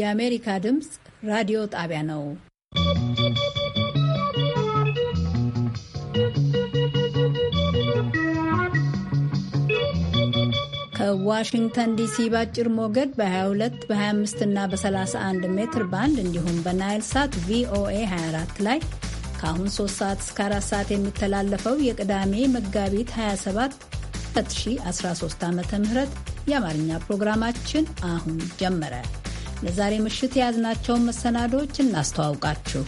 የአሜሪካ ድምፅ ራዲዮ ጣቢያ ነው። ከዋሽንግተን ዲሲ በአጭር ሞገድ በ22 በ25 እና በ31 ሜትር ባንድ እንዲሁም በናይል ሳት ቪኦኤ 24 ላይ ከአሁን 3 ሰዓት እስከ 4 ሰዓት የሚተላለፈው የቅዳሜ መጋቢት 27 2013 ዓ ም የአማርኛ ፕሮግራማችን አሁን ጀመረ። ለዛሬ ምሽት የያዝናቸውን መሰናዶዎች እናስተዋውቃችሁ።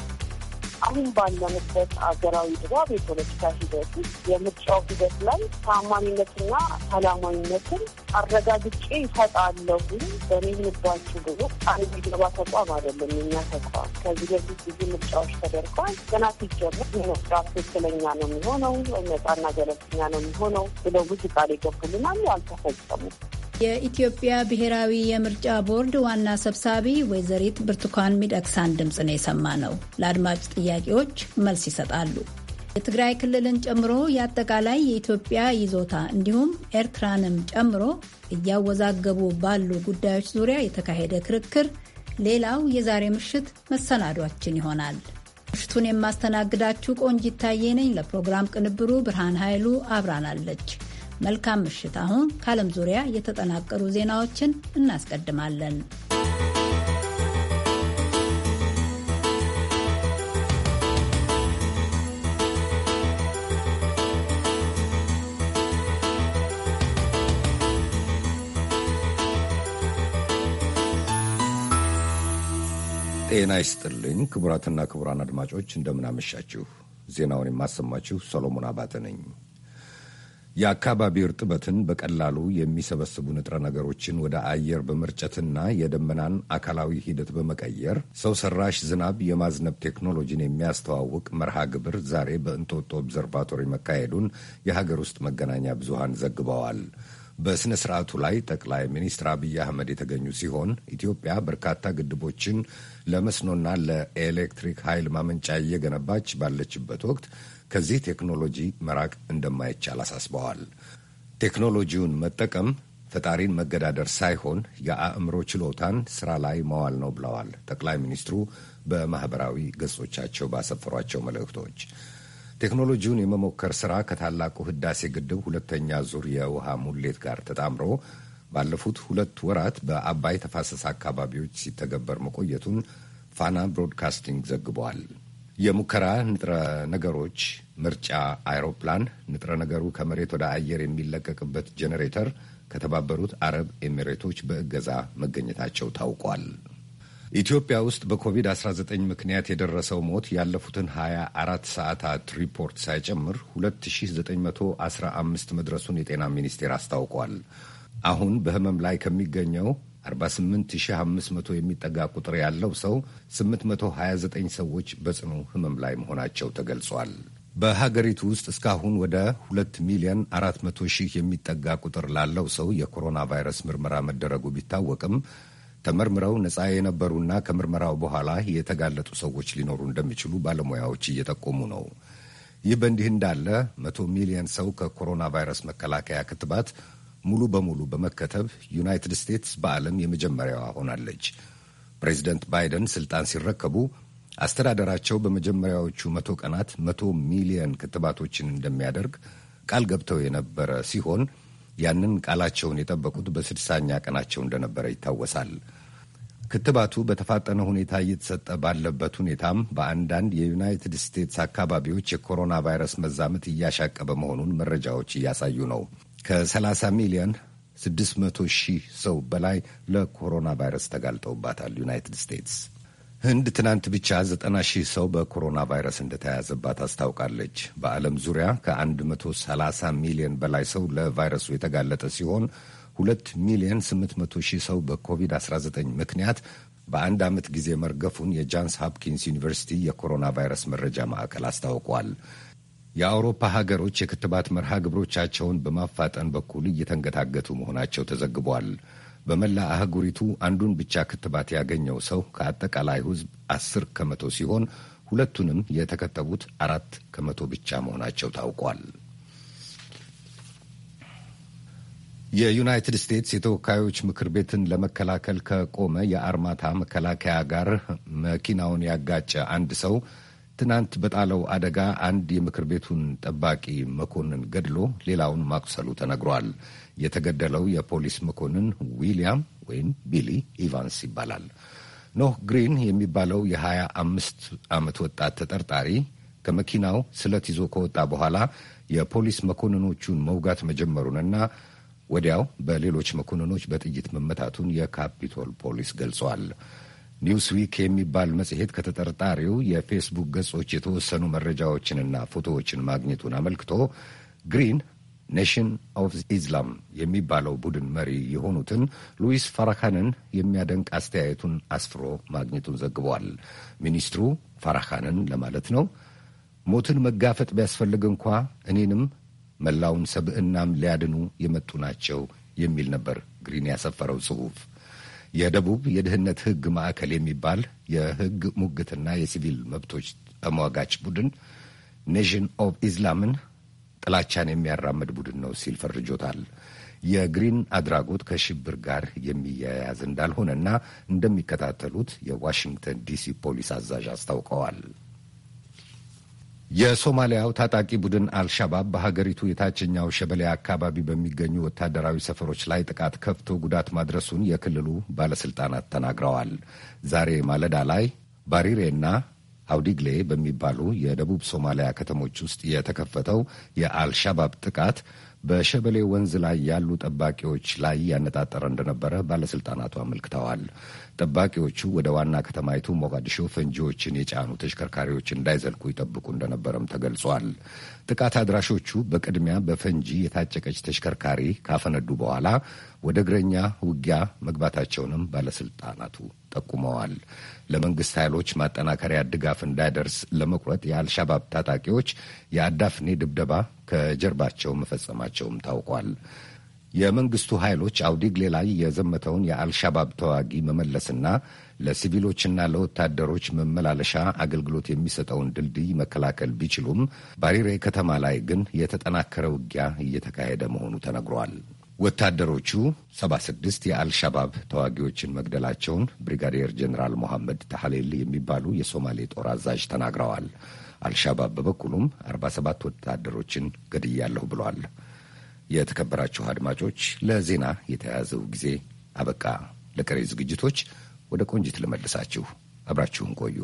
አሁን ባለንበት አገራዊ ድባብ የፖለቲካ ሂደት ውስጥ የምርጫው ሂደት ላይ ታማኝነትና ሰላማዊነትን አረጋግጬ ይሰጣለሁ በእኔ ህንባችሁ ብሎ አንድ ገባ ተቋም አይደለም የኛ ተቋም። ከዚህ በፊት ብዙ ምርጫዎች ተደርጓል። ገና ሲጀምር ምርጫ ትክክለኛ ነው የሚሆነው ወይ ነጻና ገለልተኛ ነው የሚሆነው ብለው ብዙ ቃል የገቡልናሉ፣ አልተፈጸሙም። የኢትዮጵያ ብሔራዊ የምርጫ ቦርድ ዋና ሰብሳቢ ወይዘሪት ብርቱካን ሚደቅሳን ድምፅ ነው የሰማ ነው። ለአድማጭ ጥያቄዎች መልስ ይሰጣሉ። የትግራይ ክልልን ጨምሮ የአጠቃላይ የኢትዮጵያ ይዞታ እንዲሁም ኤርትራንም ጨምሮ እያወዛገቡ ባሉ ጉዳዮች ዙሪያ የተካሄደ ክርክር ሌላው የዛሬ ምሽት መሰናዷችን ይሆናል። ምሽቱን የማስተናግዳችሁ ቆንጂት ታዬ ነኝ። ለፕሮግራም ቅንብሩ ብርሃን ኃይሉ አብራናለች። መልካም ምሽት። አሁን ከዓለም ዙሪያ የተጠናቀሩ ዜናዎችን እናስቀድማለን። ጤና ይስጥልኝ ክቡራትና ክቡራን አድማጮች እንደምናመሻችሁ። ዜናውን የማሰማችሁ ሰሎሞን አባተ ነኝ። የአካባቢ እርጥበትን በቀላሉ የሚሰበስቡ ንጥረ ነገሮችን ወደ አየር በመርጨትና የደመናን አካላዊ ሂደት በመቀየር ሰው ሰራሽ ዝናብ የማዝነብ ቴክኖሎጂን የሚያስተዋውቅ መርሃ ግብር ዛሬ በእንጦጦ ኦብዘርቫቶሪ መካሄዱን የሀገር ውስጥ መገናኛ ብዙሃን ዘግበዋል። በሥነ ሥርዓቱ ላይ ጠቅላይ ሚኒስትር አብይ አህመድ የተገኙ ሲሆን ኢትዮጵያ በርካታ ግድቦችን ለመስኖና ለኤሌክትሪክ ኃይል ማመንጫ እየገነባች ባለችበት ወቅት ከዚህ ቴክኖሎጂ መራቅ እንደማይቻል አሳስበዋል። ቴክኖሎጂውን መጠቀም ፈጣሪን መገዳደር ሳይሆን የአእምሮ ችሎታን ስራ ላይ መዋል ነው ብለዋል ጠቅላይ ሚኒስትሩ በማህበራዊ ገጾቻቸው ባሰፈሯቸው መልእክቶች። ቴክኖሎጂውን የመሞከር ስራ ከታላቁ ህዳሴ ግድብ ሁለተኛ ዙር የውሃ ሙሌት ጋር ተጣምሮ ባለፉት ሁለት ወራት በአባይ ተፋሰስ አካባቢዎች ሲተገበር መቆየቱን ፋና ብሮድካስቲንግ ዘግቧል። የሙከራ ንጥረ ነገሮች ምርጫ፣ አይሮፕላን፣ ንጥረ ነገሩ ከመሬት ወደ አየር የሚለቀቅበት ጄኔሬተር ከተባበሩት አረብ ኤሚሬቶች በእገዛ መገኘታቸው ታውቋል። ኢትዮጵያ ውስጥ በኮቪድ-19 ምክንያት የደረሰው ሞት ያለፉትን 24 ሰዓታት ሪፖርት ሳይጨምር 2915 መድረሱን የጤና ሚኒስቴር አስታውቋል። አሁን በህመም ላይ ከሚገኘው 48500 የሚጠጋ ቁጥር ያለው ሰው 829 ሰዎች በጽኑ ህመም ላይ መሆናቸው ተገልጿል። በሀገሪቱ ውስጥ እስካሁን ወደ 2 ሚሊዮን 400 ሺህ የሚጠጋ ቁጥር ላለው ሰው የኮሮና ቫይረስ ምርመራ መደረጉ ቢታወቅም ተመርምረው ነጻ የነበሩና ከምርመራው በኋላ የተጋለጡ ሰዎች ሊኖሩ እንደሚችሉ ባለሙያዎች እየጠቆሙ ነው። ይህ በእንዲህ እንዳለ መቶ ሚሊዮን ሰው ከኮሮና ቫይረስ መከላከያ ክትባት ሙሉ በሙሉ በመከተብ ዩናይትድ ስቴትስ በዓለም የመጀመሪያዋ ሆናለች። ፕሬዚደንት ባይደን ስልጣን ሲረከቡ አስተዳደራቸው በመጀመሪያዎቹ መቶ ቀናት መቶ ሚሊየን ክትባቶችን እንደሚያደርግ ቃል ገብተው የነበረ ሲሆን ያንን ቃላቸውን የጠበቁት በስድሳኛ ቀናቸው እንደነበረ ይታወሳል። ክትባቱ በተፋጠነ ሁኔታ እየተሰጠ ባለበት ሁኔታም በአንዳንድ የዩናይትድ ስቴትስ አካባቢዎች የኮሮና ቫይረስ መዛመት እያሻቀበ መሆኑን መረጃዎች እያሳዩ ነው። ከ30 ሚሊዮን 600 ሺህ ሰው በላይ ለኮሮና ቫይረስ ተጋልጠውባታል ዩናይትድ ስቴትስ። ህንድ ትናንት ብቻ 90 ሺህ ሰው በኮሮና ቫይረስ እንደተያያዘባት አስታውቃለች። በዓለም ዙሪያ ከ130 ሚሊዮን በላይ ሰው ለቫይረሱ የተጋለጠ ሲሆን ሁለት ሚሊዮን 800 ሺህ ሰው በኮቪድ-19 ምክንያት በአንድ ዓመት ጊዜ መርገፉን የጃንስ ሀፕኪንስ ዩኒቨርሲቲ የኮሮና ቫይረስ መረጃ ማዕከል አስታውቋል። የአውሮፓ ሀገሮች የክትባት መርሃ ግብሮቻቸውን በማፋጠን በኩል እየተንገታገቱ መሆናቸው ተዘግቧል። በመላ አህጉሪቱ አንዱን ብቻ ክትባት ያገኘው ሰው ከአጠቃላይ ሕዝብ አስር ከመቶ ሲሆን ሁለቱንም የተከተቡት አራት ከመቶ ብቻ መሆናቸው ታውቋል። የዩናይትድ ስቴትስ የተወካዮች ምክር ቤትን ለመከላከል ከቆመ የአርማታ መከላከያ ጋር መኪናውን ያጋጨ አንድ ሰው ትናንት በጣለው አደጋ አንድ የምክር ቤቱን ጠባቂ መኮንን ገድሎ ሌላውን ማቁሰሉ ተነግሯል። የተገደለው የፖሊስ መኮንን ዊሊያም ወይም ቢሊ ኢቫንስ ይባላል። ኖህ ግሪን የሚባለው የሀያ አምስት ዓመት ወጣት ተጠርጣሪ ከመኪናው ስለት ይዞ ከወጣ በኋላ የፖሊስ መኮንኖቹን መውጋት መጀመሩንና ወዲያው በሌሎች መኮንኖች በጥይት መመታቱን የካፒቶል ፖሊስ ገልጿል። ኒውስዊክ የሚባል መጽሔት ከተጠርጣሪው የፌስቡክ ገጾች የተወሰኑ መረጃዎችንና ፎቶዎችን ማግኘቱን አመልክቶ ግሪን ኔሽን ኦፍ ኢስላም የሚባለው ቡድን መሪ የሆኑትን ሉዊስ ፋራካንን የሚያደንቅ አስተያየቱን አስፍሮ ማግኘቱን ዘግቧል። ሚኒስትሩ ፋራካንን ለማለት ነው ሞትን መጋፈጥ ቢያስፈልግ እንኳ እኔንም መላውን ሰብዕናም ሊያድኑ የመጡ ናቸው የሚል ነበር ግሪን ያሰፈረው ጽሑፍ። የደቡብ የድህነት ህግ ማዕከል የሚባል የህግ ሙግትና የሲቪል መብቶች ተሟጋች ቡድን ኔሽን ኦፍ ኢስላምን ጥላቻን የሚያራምድ ቡድን ነው ሲል ፈርጆታል። የግሪን አድራጎት ከሽብር ጋር የሚያያዝ እንዳልሆነና እንደሚከታተሉት የዋሽንግተን ዲሲ ፖሊስ አዛዥ አስታውቀዋል። የሶማሊያው ታጣቂ ቡድን አልሻባብ በሀገሪቱ የታችኛው ሸበሌ አካባቢ በሚገኙ ወታደራዊ ሰፈሮች ላይ ጥቃት ከፍቶ ጉዳት ማድረሱን የክልሉ ባለስልጣናት ተናግረዋል። ዛሬ ማለዳ ላይ ባሪሬና አውዲግሌ በሚባሉ የደቡብ ሶማሊያ ከተሞች ውስጥ የተከፈተው የአልሻባብ ጥቃት በሸበሌ ወንዝ ላይ ያሉ ጠባቂዎች ላይ ያነጣጠረ እንደነበረ ባለስልጣናቱ አመልክተዋል። ጠባቂዎቹ ወደ ዋና ከተማይቱ ሞቃዲሾ ፈንጂዎችን የጫኑ ተሽከርካሪዎች እንዳይዘልቁ ይጠብቁ እንደነበረም ተገልጿል። ጥቃት አድራሾቹ በቅድሚያ በፈንጂ የታጨቀች ተሽከርካሪ ካፈነዱ በኋላ ወደ እግረኛ ውጊያ መግባታቸውንም ባለስልጣናቱ ጠቁመዋል። ለመንግስት ኃይሎች ማጠናከሪያ ድጋፍ እንዳይደርስ ለመቁረጥ የአልሻባብ ታጣቂዎች የአዳፍኔ ድብደባ ከጀርባቸው መፈጸማቸውም ታውቋል። የመንግስቱ ኃይሎች አውዲግሌ ላይ የዘመተውን የአልሻባብ ተዋጊ መመለስና ለሲቪሎችና ለወታደሮች መመላለሻ አገልግሎት የሚሰጠውን ድልድይ መከላከል ቢችሉም ባሪሬ ከተማ ላይ ግን የተጠናከረ ውጊያ እየተካሄደ መሆኑ ተነግሯል። ወታደሮቹ ሰባ ስድስት የአልሻባብ ተዋጊዎችን መግደላቸውን ብሪጋዴር ጀኔራል ሞሐመድ ታህሌል የሚባሉ የሶማሌ ጦር አዛዥ ተናግረዋል። አልሻባብ በበኩሉም አርባ ሰባት ወታደሮችን ገድያለሁ ብሏል። የተከበራችሁ አድማጮች ለዜና የተያዘው ጊዜ አበቃ። ለቀሪ ዝግጅቶች ወደ ቆንጂት ልመልሳችሁ። አብራችሁን ቆዩ።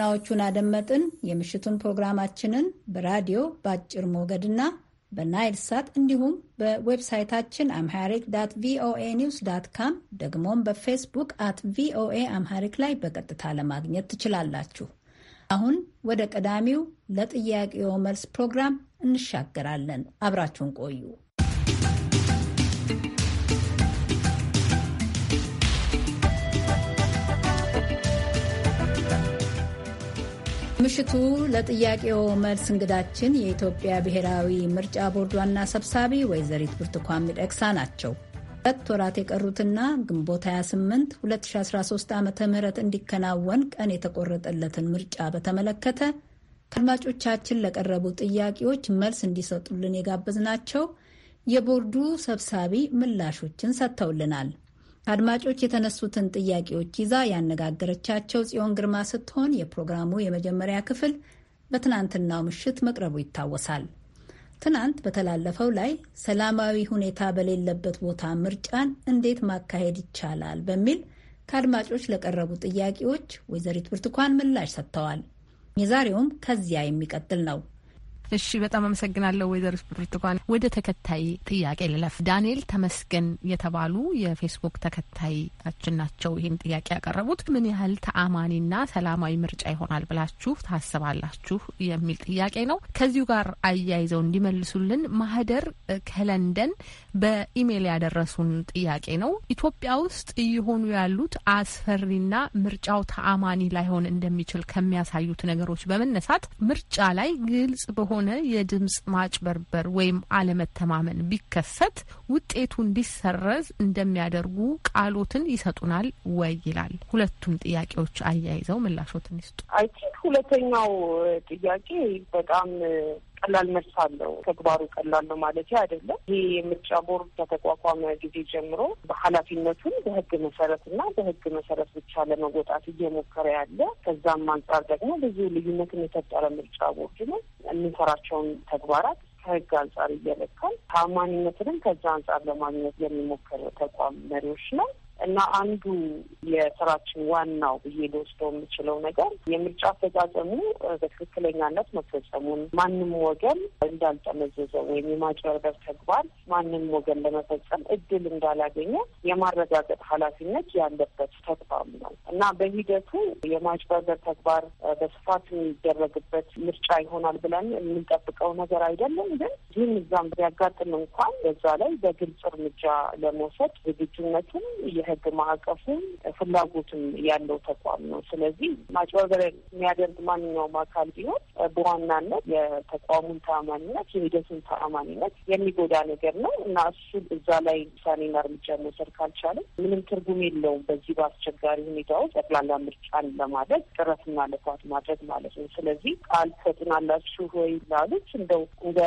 ዜናዎቹን አደመጥን። የምሽቱን ፕሮግራማችንን በራዲዮ በአጭር ሞገድና በናይል ሳት እንዲሁም በዌብሳይታችን አምሃሪክ ዳት ቪኦኤ ኒውስ ዳት ካም ደግሞም በፌስቡክ አት ቪኦኤ አምሃሪክ ላይ በቀጥታ ለማግኘት ትችላላችሁ። አሁን ወደ ቀዳሚው ለጥያቄው መልስ ፕሮግራም እንሻገራለን። አብራችሁን ቆዩ። ምሽቱ ለጥያቄው መልስ እንግዳችን የኢትዮጵያ ብሔራዊ ምርጫ ቦርድ ዋና ሰብሳቢ ወይዘሪት ብርቱካን ሚደቅሳ ናቸው። ሁለት ወራት የቀሩትና ግንቦት 28 2013 ዓ ም እንዲከናወን ቀን የተቆረጠለትን ምርጫ በተመለከተ ከአድማጮቻችን ለቀረቡ ጥያቄዎች መልስ እንዲሰጡልን የጋበዝናቸው የቦርዱ ሰብሳቢ ምላሾችን ሰጥተውልናል። አድማጮች የተነሱትን ጥያቄዎች ይዛ ያነጋገረቻቸው ጽዮን ግርማ ስትሆን የፕሮግራሙ የመጀመሪያ ክፍል በትናንትናው ምሽት መቅረቡ ይታወሳል። ትናንት በተላለፈው ላይ ሰላማዊ ሁኔታ በሌለበት ቦታ ምርጫን እንዴት ማካሄድ ይቻላል በሚል ከአድማጮች ለቀረቡ ጥያቄዎች ወይዘሪት ብርቱካን ምላሽ ሰጥተዋል። የዛሬውም ከዚያ የሚቀጥል ነው። እሺ፣ በጣም አመሰግናለሁ ወይዘሮ ብርቱካን። ወደ ተከታይ ጥያቄ ልለፍ። ዳንኤል ተመስገን የተባሉ የፌስቡክ ተከታይችን ናቸው። ይህን ጥያቄ ያቀረቡት ምን ያህል ተአማኒና ሰላማዊ ምርጫ ይሆናል ብላችሁ ታስባላችሁ የሚል ጥያቄ ነው። ከዚሁ ጋር አያይዘው እንዲመልሱልን ማህደር ከለንደን በኢሜይል ያደረሱን ጥያቄ ነው። ኢትዮጵያ ውስጥ እየሆኑ ያሉት አስፈሪና ምርጫው ተአማኒ ላይሆን እንደሚችል ከሚያሳዩት ነገሮች በመነሳት ምርጫ ላይ ግልጽ በሆነ የሆነ የድምፅ ማጭበርበር ወይም አለመተማመን ቢከሰት ውጤቱ እንዲሰረዝ እንደሚያደርጉ ቃሎትን ይሰጡናል ወይ ይላል። ሁለቱም ጥያቄዎች አያይዘው ምላሾትን ይስጡ። አይ ቲንክ ሁለተኛው ጥያቄ በጣም ቀላል መልስ አለው። ተግባሩ ቀላል ነው ማለት አይደለም። ይሄ የምርጫ ቦርድ ከተቋቋመ ጊዜ ጀምሮ በኃላፊነቱን በህግ መሰረት እና በህግ መሰረት ብቻ ለመወጣት እየሞከረ ያለ ከዛም አንጻር ደግሞ ብዙ ልዩነትን የፈጠረ ምርጫ ቦርድ ነው። የምንሰራቸውን ተግባራት ከህግ አንጻር እየለካል ታማኝነትንም ከዛ አንጻር ለማግኘት የሚሞከር ተቋም መሪዎች ነው። እና አንዱ የስራችን ዋናው ብዬ ልወስደው የምችለው ነገር የምርጫ አፈጻጸሙ በትክክለኛነት መፈጸሙን ማንም ወገን እንዳልጠመዘዘ ወይም የማጭበርበር ተግባር ማንም ወገን ለመፈጸም እድል እንዳላገኘ የማረጋገጥ ኃላፊነት ያለበት ተግባር ነው እና በሂደቱ የማጭበርበር ተግባር በስፋት የሚደረግበት ምርጫ ይሆናል ብለን የምንጠብቀው ነገር አይደለም። ግን ይህም እዛም ቢያጋጥም እንኳን በዛ ላይ በግልጽ እርምጃ ለመውሰድ ዝግጁነቱም የህግ ማዕቀፉም ፍላጎትም ያለው ተቋም ነው። ስለዚህ ማጭበርበሪያ የሚያደርግ ማንኛውም አካል ቢሆን በዋናነት የተቋሙን ተአማኒነት፣ የሂደቱን ተአማኒነት የሚጎዳ ነገር ነው እና እሱ እዛ ላይ ውሳኔና እርምጃ መውሰድ ካልቻለ ምንም ትርጉም የለውም። በዚህ በአስቸጋሪ ሁኔታ ውስጥ ጠቅላላ ምርጫን ለማድረግ ጥረትና ልፋት ማድረግ ማለት ነው። ስለዚህ ቃል ትሰጡናላችሁ ወይ ላሉት እንደው እንደ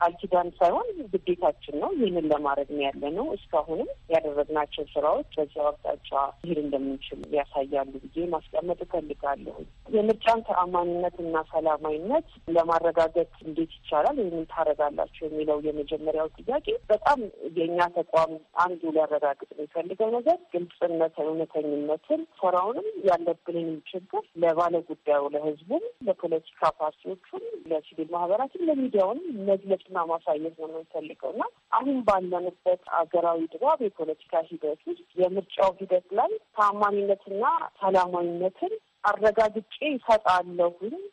ቃል ኪዳን ሳይሆን ግዴታችን ነው። ይህንን ለማድረግ ነው ያለ ነው። እስካሁንም ያደረግናቸው ስራዎች ሰዎች በዚያው አቅጣጫ ይሄድ እንደምንችል ያሳያሉ ብዬ ማስቀመጥ እፈልጋለሁ። የምርጫን ተአማኒነት እና ሰላማዊነት ለማረጋገጥ እንዴት ይቻላል ወይም ታረጋላቸው የሚለው የመጀመሪያው ጥያቄ በጣም የእኛ ተቋም አንዱ ሊያረጋግጥ የሚፈልገው ነገር ግልጽነት፣ እውነተኝነትን፣ ስራውንም ያለብንንም ችግር ለባለጉዳዩ ለህዝቡም፣ ለፖለቲካ ፓርቲዎቹም፣ ለሲቪል ማህበራትም፣ ለሚዲያውንም መግለጽና ማሳየት ነው የምንፈልገው እና አሁን ባለንበት አገራዊ ድባብ የፖለቲካ ሂደት ውስጥ የምርጫው ሂደት ላይ ታማኝነትና ሰላማዊነትን አረጋግጬ ይሰጣለሁ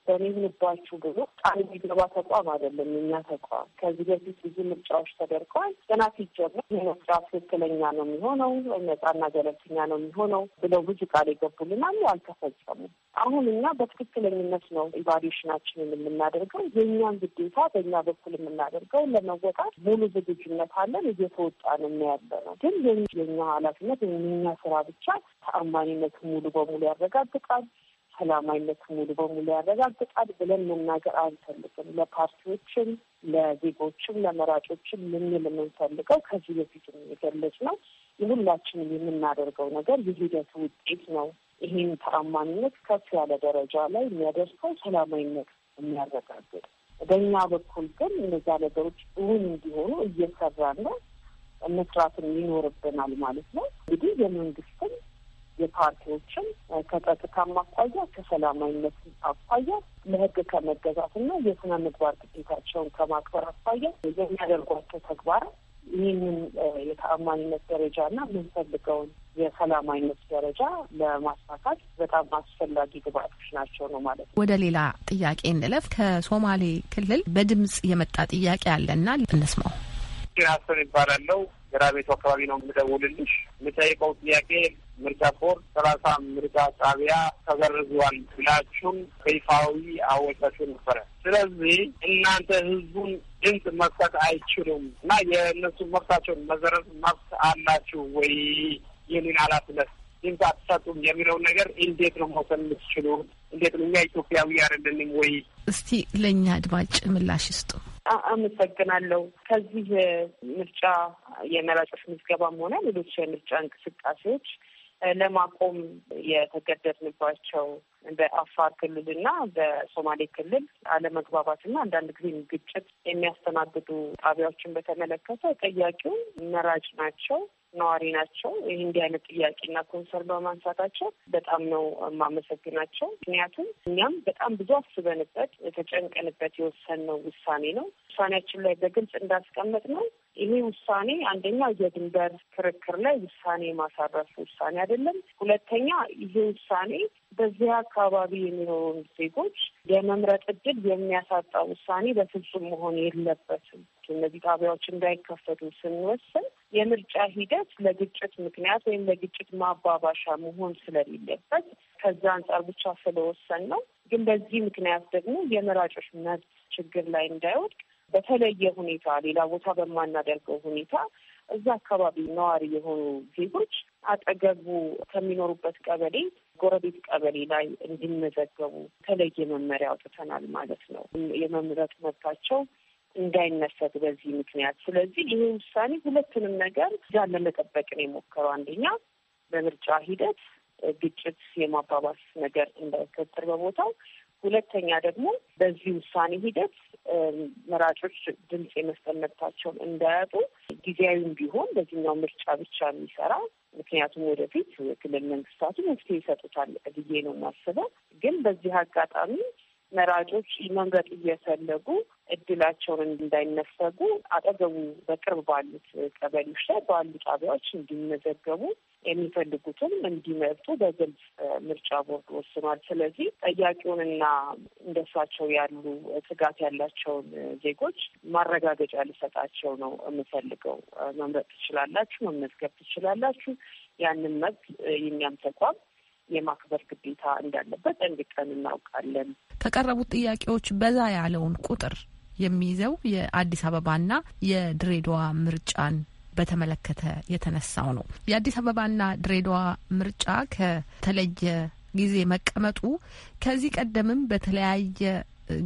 በእኔ ምንባችሁ ብሎ ቃል የሚገባ ተቋም አይደለም እኛ ተቋም። ከዚህ በፊት ብዙ ምርጫዎች ተደርገዋል። ገና ሲጀምር ይህ ምርጫ ትክክለኛ ነው የሚሆነው ነጻና ገለልተኛ ነው የሚሆነው ብለው ብዙ ቃል ይገቡልናል፣ አልተፈጸሙም። አሁን እኛ በትክክለኝነት ነው ኢቫሉዌሽናችንን የምናደርገው። የእኛን ግዴታ በእኛ በኩል የምናደርገው ለመወጣት ሙሉ ዝግጁነት አለን፣ እየተወጣን ያለ ነው። ግን የኛ ኃላፊነት የኛ ስራ ብቻ ተአማኒነት ሙሉ በሙሉ ያረጋግጣል ሰላማዊነት ሙሉ በሙሉ ያረጋግጣል ብለን መናገር አንፈልግም። ለፓርቲዎችም፣ ለዜጎችም፣ ለመራጮችም ልንል የምንፈልገው ከዚህ በፊት የሚገለጽ ነው። የሁላችንም የምናደርገው ነገር የሂደቱ ውጤት ነው። ይህን ተአማኒነት ከፍ ያለ ደረጃ ላይ የሚያደርሰው ሰላማዊነት የሚያረጋግጥ በእኛ በኩል ግን እነዛ ነገሮች እውን እንዲሆኑ እየሰራን ነው። መስራትም ይኖርብናል ማለት ነው። እንግዲህ የመንግስትም የፓርቲዎችም ከጸጥታ አኳያ ከሰላማዊነት አኳያ ከመገዛት ከመገዛትና የስነ ምግባር ግዴታቸውን ከማክበር አኳያ የሚያደርጓቸው ተግባር ይህንን የተአማኒነት ደረጃ እና የምንፈልገውን የሰላማዊነት ደረጃ ለማሳካት በጣም አስፈላጊ ግብአቶች ናቸው ነው ማለት ነው። ወደ ሌላ ጥያቄ እንለፍ። ከሶማሌ ክልል በድምጽ የመጣ ጥያቄ አለና እንስማው። ራሶን ይባላለው ገራ ቤቱ አካባቢ ነው የምደውልልሽ። የምጠይቀው ጥያቄ ምርጫ ቦርድ ሰላሳ ምርጫ ጣቢያ ተበርዟል ብላችሁን በይፋዊ አወጣችሁ ነበረ። ስለዚህ እናንተ ህዝቡን ድምፅ መስጠት አይችሉም እና የእነሱ መብታቸውን መዘረጥ መብት አላችሁ ወይ ይህንን ኃላፊነት ድምፅ አትሰጡም የሚለውን ነገር እንዴት ነው መውሰን የምትችሉ? እንዴት ነው እኛ ኢትዮጵያዊ አይደለንም ወይ? እስቲ ለእኛ አድማጭ ምላሽ ይስጡ። አመሰግናለሁ። ከዚህ ምርጫ የመራጮች ምዝገባም ሆነ ሌሎች የምርጫ እንቅስቃሴዎች ለማቆም የተገደድንባቸው በአፋር ክልልና በሶማሌ ክልል አለመግባባትና አንዳንድ ጊዜም ግጭት የሚያስተናግዱ ጣቢያዎችን በተመለከተ ጠያቂው መራጭ ናቸው፣ ነዋሪ ናቸው። ይህ እንዲህ አይነት ጥያቄና ኮንሰር በማንሳታቸው በጣም ነው የማመሰግናቸው። ምክንያቱም እኛም በጣም ብዙ አስበንበት የተጨንቀንበት የወሰንነው ውሳኔ ነው። ውሳኔያችን ላይ በግልጽ እንዳስቀመጥ ነው ይሄ ውሳኔ አንደኛ የድንበር ክርክር ላይ ውሳኔ ማሳረፍ ውሳኔ አይደለም። ሁለተኛ ይሄ ውሳኔ በዚህ አካባቢ የሚኖሩን ዜጎች የመምረጥ እድል የሚያሳጣ ውሳኔ በፍጹም መሆን የለበትም። እነዚህ ጣቢያዎች እንዳይከፈቱ ስንወስን የምርጫ ሂደት ለግጭት ምክንያት ወይም ለግጭት ማባባሻ መሆን ስለሌለበት ከዛ አንጻር ብቻ ስለወሰን ነው። ግን በዚህ ምክንያት ደግሞ የመራጮች መብት ችግር ላይ እንዳይወድቅ በተለየ ሁኔታ ሌላ ቦታ በማናደርገው ሁኔታ እዛ አካባቢ ነዋሪ የሆኑ ዜጎች አጠገቡ ከሚኖሩበት ቀበሌ ጎረቤት ቀበሌ ላይ እንዲመዘገቡ ተለየ መመሪያ አውጥተናል ማለት ነው። የመምረጥ መብታቸው እንዳይነሰት በዚህ ምክንያት። ስለዚህ ይሄ ውሳኔ ሁለትንም ነገር እዛን ለመጠበቅ ነው የሞከረው። አንደኛ በምርጫ ሂደት ግጭት የማባባስ ነገር እንዳይፈጠር በቦታው ሁለተኛ ደግሞ በዚህ ውሳኔ ሂደት መራጮች ድምፅ የመስጠት መብታቸውን እንዳያጡ ጊዜያዊም ቢሆን በዚህኛው ምርጫ ብቻ የሚሰራ ምክንያቱም ወደፊት ክልል መንግስታቱ መፍትሄ ይሰጡታል ብዬ ነው የማስበው። ግን በዚህ አጋጣሚ መራጮች መምረጥ እየፈለጉ እድላቸውን እንዳይነፈጉ አጠገቡ በቅርብ ባሉት ቀበሌዎች ላይ ባሉ ጣቢያዎች እንዲመዘገቡ የሚፈልጉትም እንዲመርጡ በግልጽ ምርጫ ቦርድ ወስኗል። ስለዚህ ጠያቂውንና እንደሳቸው ያሉ ስጋት ያላቸውን ዜጎች ማረጋገጫ ልሰጣቸው ነው የምፈልገው። መምረጥ ትችላላችሁ፣ መመዝገብ ትችላላችሁ። ያንን መብት የኛም ተቋም የማክበር ግዴታ እንዳለበት እንግጠን እናውቃለን። ከቀረቡት ጥያቄዎች በዛ ያለውን ቁጥር የሚይዘው የአዲስ አበባና የድሬዳዋ ምርጫን በተመለከተ የተነሳው ነው። የአዲስ አበባና ድሬዳዋ ምርጫ ከተለየ ጊዜ መቀመጡ ከዚህ ቀደምም በተለያየ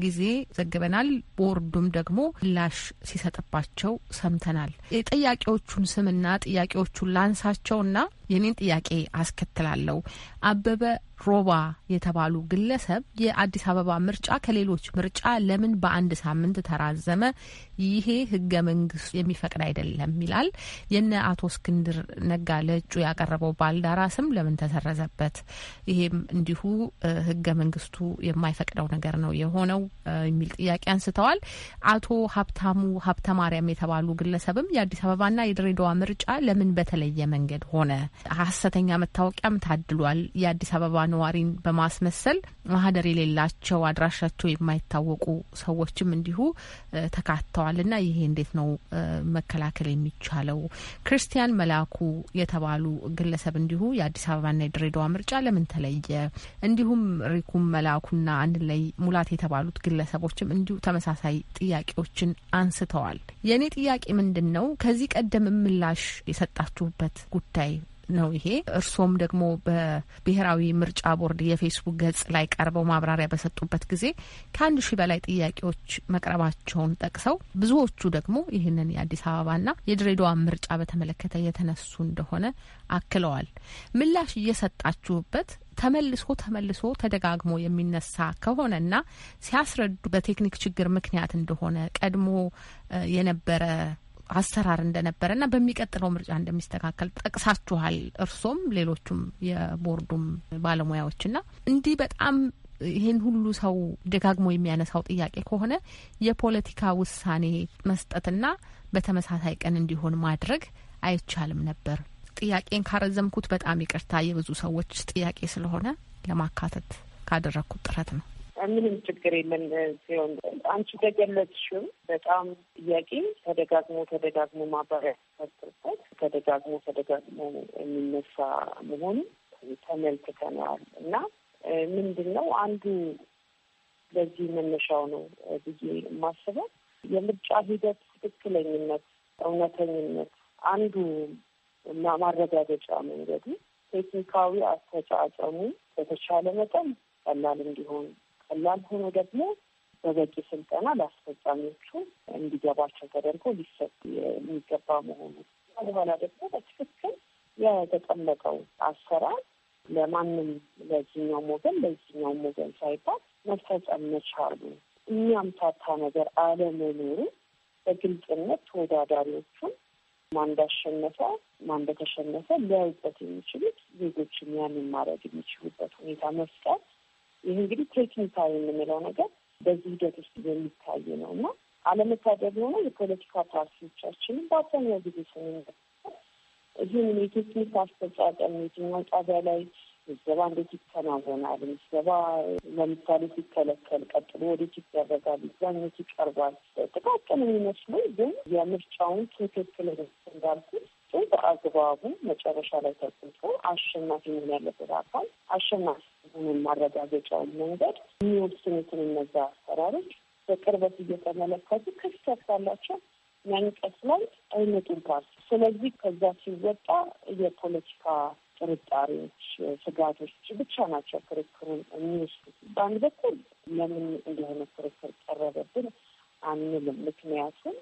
ጊዜ ዘግበናል። ቦርዱም ደግሞ ምላሽ ሲሰጥባቸው ሰምተናል። የጠያቂዎቹን ስምና ጥያቄዎቹን ላንሳቸውና የኔን ጥያቄ አስከትላለሁ። አበበ ሮባ የተባሉ ግለሰብ የአዲስ አበባ ምርጫ ከሌሎች ምርጫ ለምን በአንድ ሳምንት ተራዘመ? ይሄ ህገ መንግስት የሚፈቅድ አይደለም ይላል። የነ አቶ እስክንድር ነጋ ለእጩ ያቀረበው ባልዳራ ስም ለምን ተሰረዘበት? ይሄም እንዲሁ ህገ መንግስቱ የማይፈቅደው ነገር ነው የሆነው የሚል ጥያቄ አንስተዋል። አቶ ሀብታሙ ሀብተ ማርያም የተባሉ ግለሰብም የአዲስ አበባና የድሬዳዋ ምርጫ ለምን በተለየ መንገድ ሆነ ሀሰተኛ መታወቂያም ታድሏል። የአዲስ አበባ ነዋሪን በማስመሰል ማህደር የሌላቸው አድራሻቸው የማይታወቁ ሰዎችም እንዲሁ ተካተዋል እና ይሄ እንዴት ነው መከላከል የሚቻለው? ክርስቲያን መላኩ የተባሉ ግለሰብ እንዲሁ የአዲስ አበባና የድሬዳዋ ምርጫ ለምን ተለየ? እንዲሁም ሪኩም መላኩና አንድ ላይ ሙላት የተባሉት ግለሰቦችም እንዲሁ ተመሳሳይ ጥያቄዎችን አንስተዋል። የእኔ ጥያቄ ምንድን ነው ከዚህ ቀደም ምላሽ የሰጣችሁበት ጉዳይ ነው ይሄ። እርሶም ደግሞ በብሔራዊ ምርጫ ቦርድ የፌስቡክ ገጽ ላይ ቀርበው ማብራሪያ በሰጡበት ጊዜ ከአንድ ሺህ በላይ ጥያቄዎች መቅረባቸውን ጠቅሰው ብዙዎቹ ደግሞ ይህንን የአዲስ አበባና የድሬዳዋን ምርጫ በተመለከተ የተነሱ እንደሆነ አክለዋል። ምላሽ እየሰጣችሁበት ተመልሶ ተመልሶ ተደጋግሞ የሚነሳ ከሆነና ሲያስረዱ በቴክኒክ ችግር ምክንያት እንደሆነ ቀድሞ የነበረ አሰራር እንደነበረ እና በሚቀጥለው ምርጫ እንደሚስተካከል ጠቅሳችኋል። እርሶም ሌሎቹም የቦርዱም ባለሙያዎችና እንዲህ በጣም ይህን ሁሉ ሰው ደጋግሞ የሚያነሳው ጥያቄ ከሆነ የፖለቲካ ውሳኔ መስጠትና በተመሳሳይ ቀን እንዲሆን ማድረግ አይቻልም ነበር። ጥያቄን ካረዘምኩት በጣም ይቅርታ፣ የብዙ ሰዎች ጥያቄ ስለሆነ ለማካተት ካደረግኩት ጥረት ነው። ምንም ችግር የለም ሲሆን አንቺ ተገለጽሽም በጣም ጥያቄ ተደጋግሞ ተደጋግሞ ማባሪያ ሰርቶበት ተደጋግሞ ተደጋግሞ የሚነሳ መሆኑ ተመልክተነዋል እና ምንድን ነው አንዱ ለዚህ መነሻው ነው ብዬ የማስበው የምርጫ ሂደት ትክክለኝነት፣ እውነተኝነት አንዱ ማረጋገጫ መንገዱ ቴክኒካዊ አስተጫጨሙ በተቻለ መጠን ቀላል እንዲሆን ላልሆነ ደግሞ በበቂ ስልጠና ለአስፈጻሚዎቹ እንዲገባቸው ተደርጎ ሊሰጥ የሚገባ መሆኑ በኋላ ደግሞ በትክክል የተቀመጠው አሰራር ለማንም ለዚህኛውም ወገን ለዚህኛውም ወገን ሳይባል መፈጸም መቻሉ እኛም ታታ ነገር አለመኖሩ በግልጽነት ተወዳዳሪዎቹን ማን እንዳሸነፈ ማን እንደተሸነፈ ሊያውቁት የሚችሉት ዜጎችን ያንን ማድረግ የሚችሉበት ሁኔታ መፍጠር ይህ እንግዲህ ቴክኒካዊ የምንለው ነገር በዚህ ሂደት ውስጥ የሚታይ ነው እና አለመታደር ሆነ የፖለቲካ ፓርቲዎቻችንም በአብዛኛው ጊዜ ስንመ ይህን የቴክኒክ አስፈጻጸም የትኛው ጣቢያ ላይ ምዝገባ እንዴት ይከናወናል፣ ምዝገባ ለምሳሌ ሲከለከል ቀጥሎ ወዴት ይደረጋል፣ ዛኞት ይቀርባል፣ ጥቃቅን የሚመስሉ ግን የምርጫውን ትክክል እንዳልኩት በአግባቡ መጨረሻ ላይ ተጽፎ አሸናፊ መሆን ያለበት አካል አሸናፊ መሆኑን ማረጋገጫውን መንገድ የሚወስኑትን እነዛ አሰራሮች በቅርበት እየተመለከቱ ክፍተት ካላቸው መንቀስ ላይ አይመጡም ፓርቲ። ስለዚህ ከዛ ሲወጣ የፖለቲካ ጥርጣሬዎች፣ ስጋቶች ብቻ ናቸው ክርክሩን የሚወስዱት። በአንድ በኩል ለምን እንደሆነ ክርክር ቀረበብን አንልም። ምክንያቱም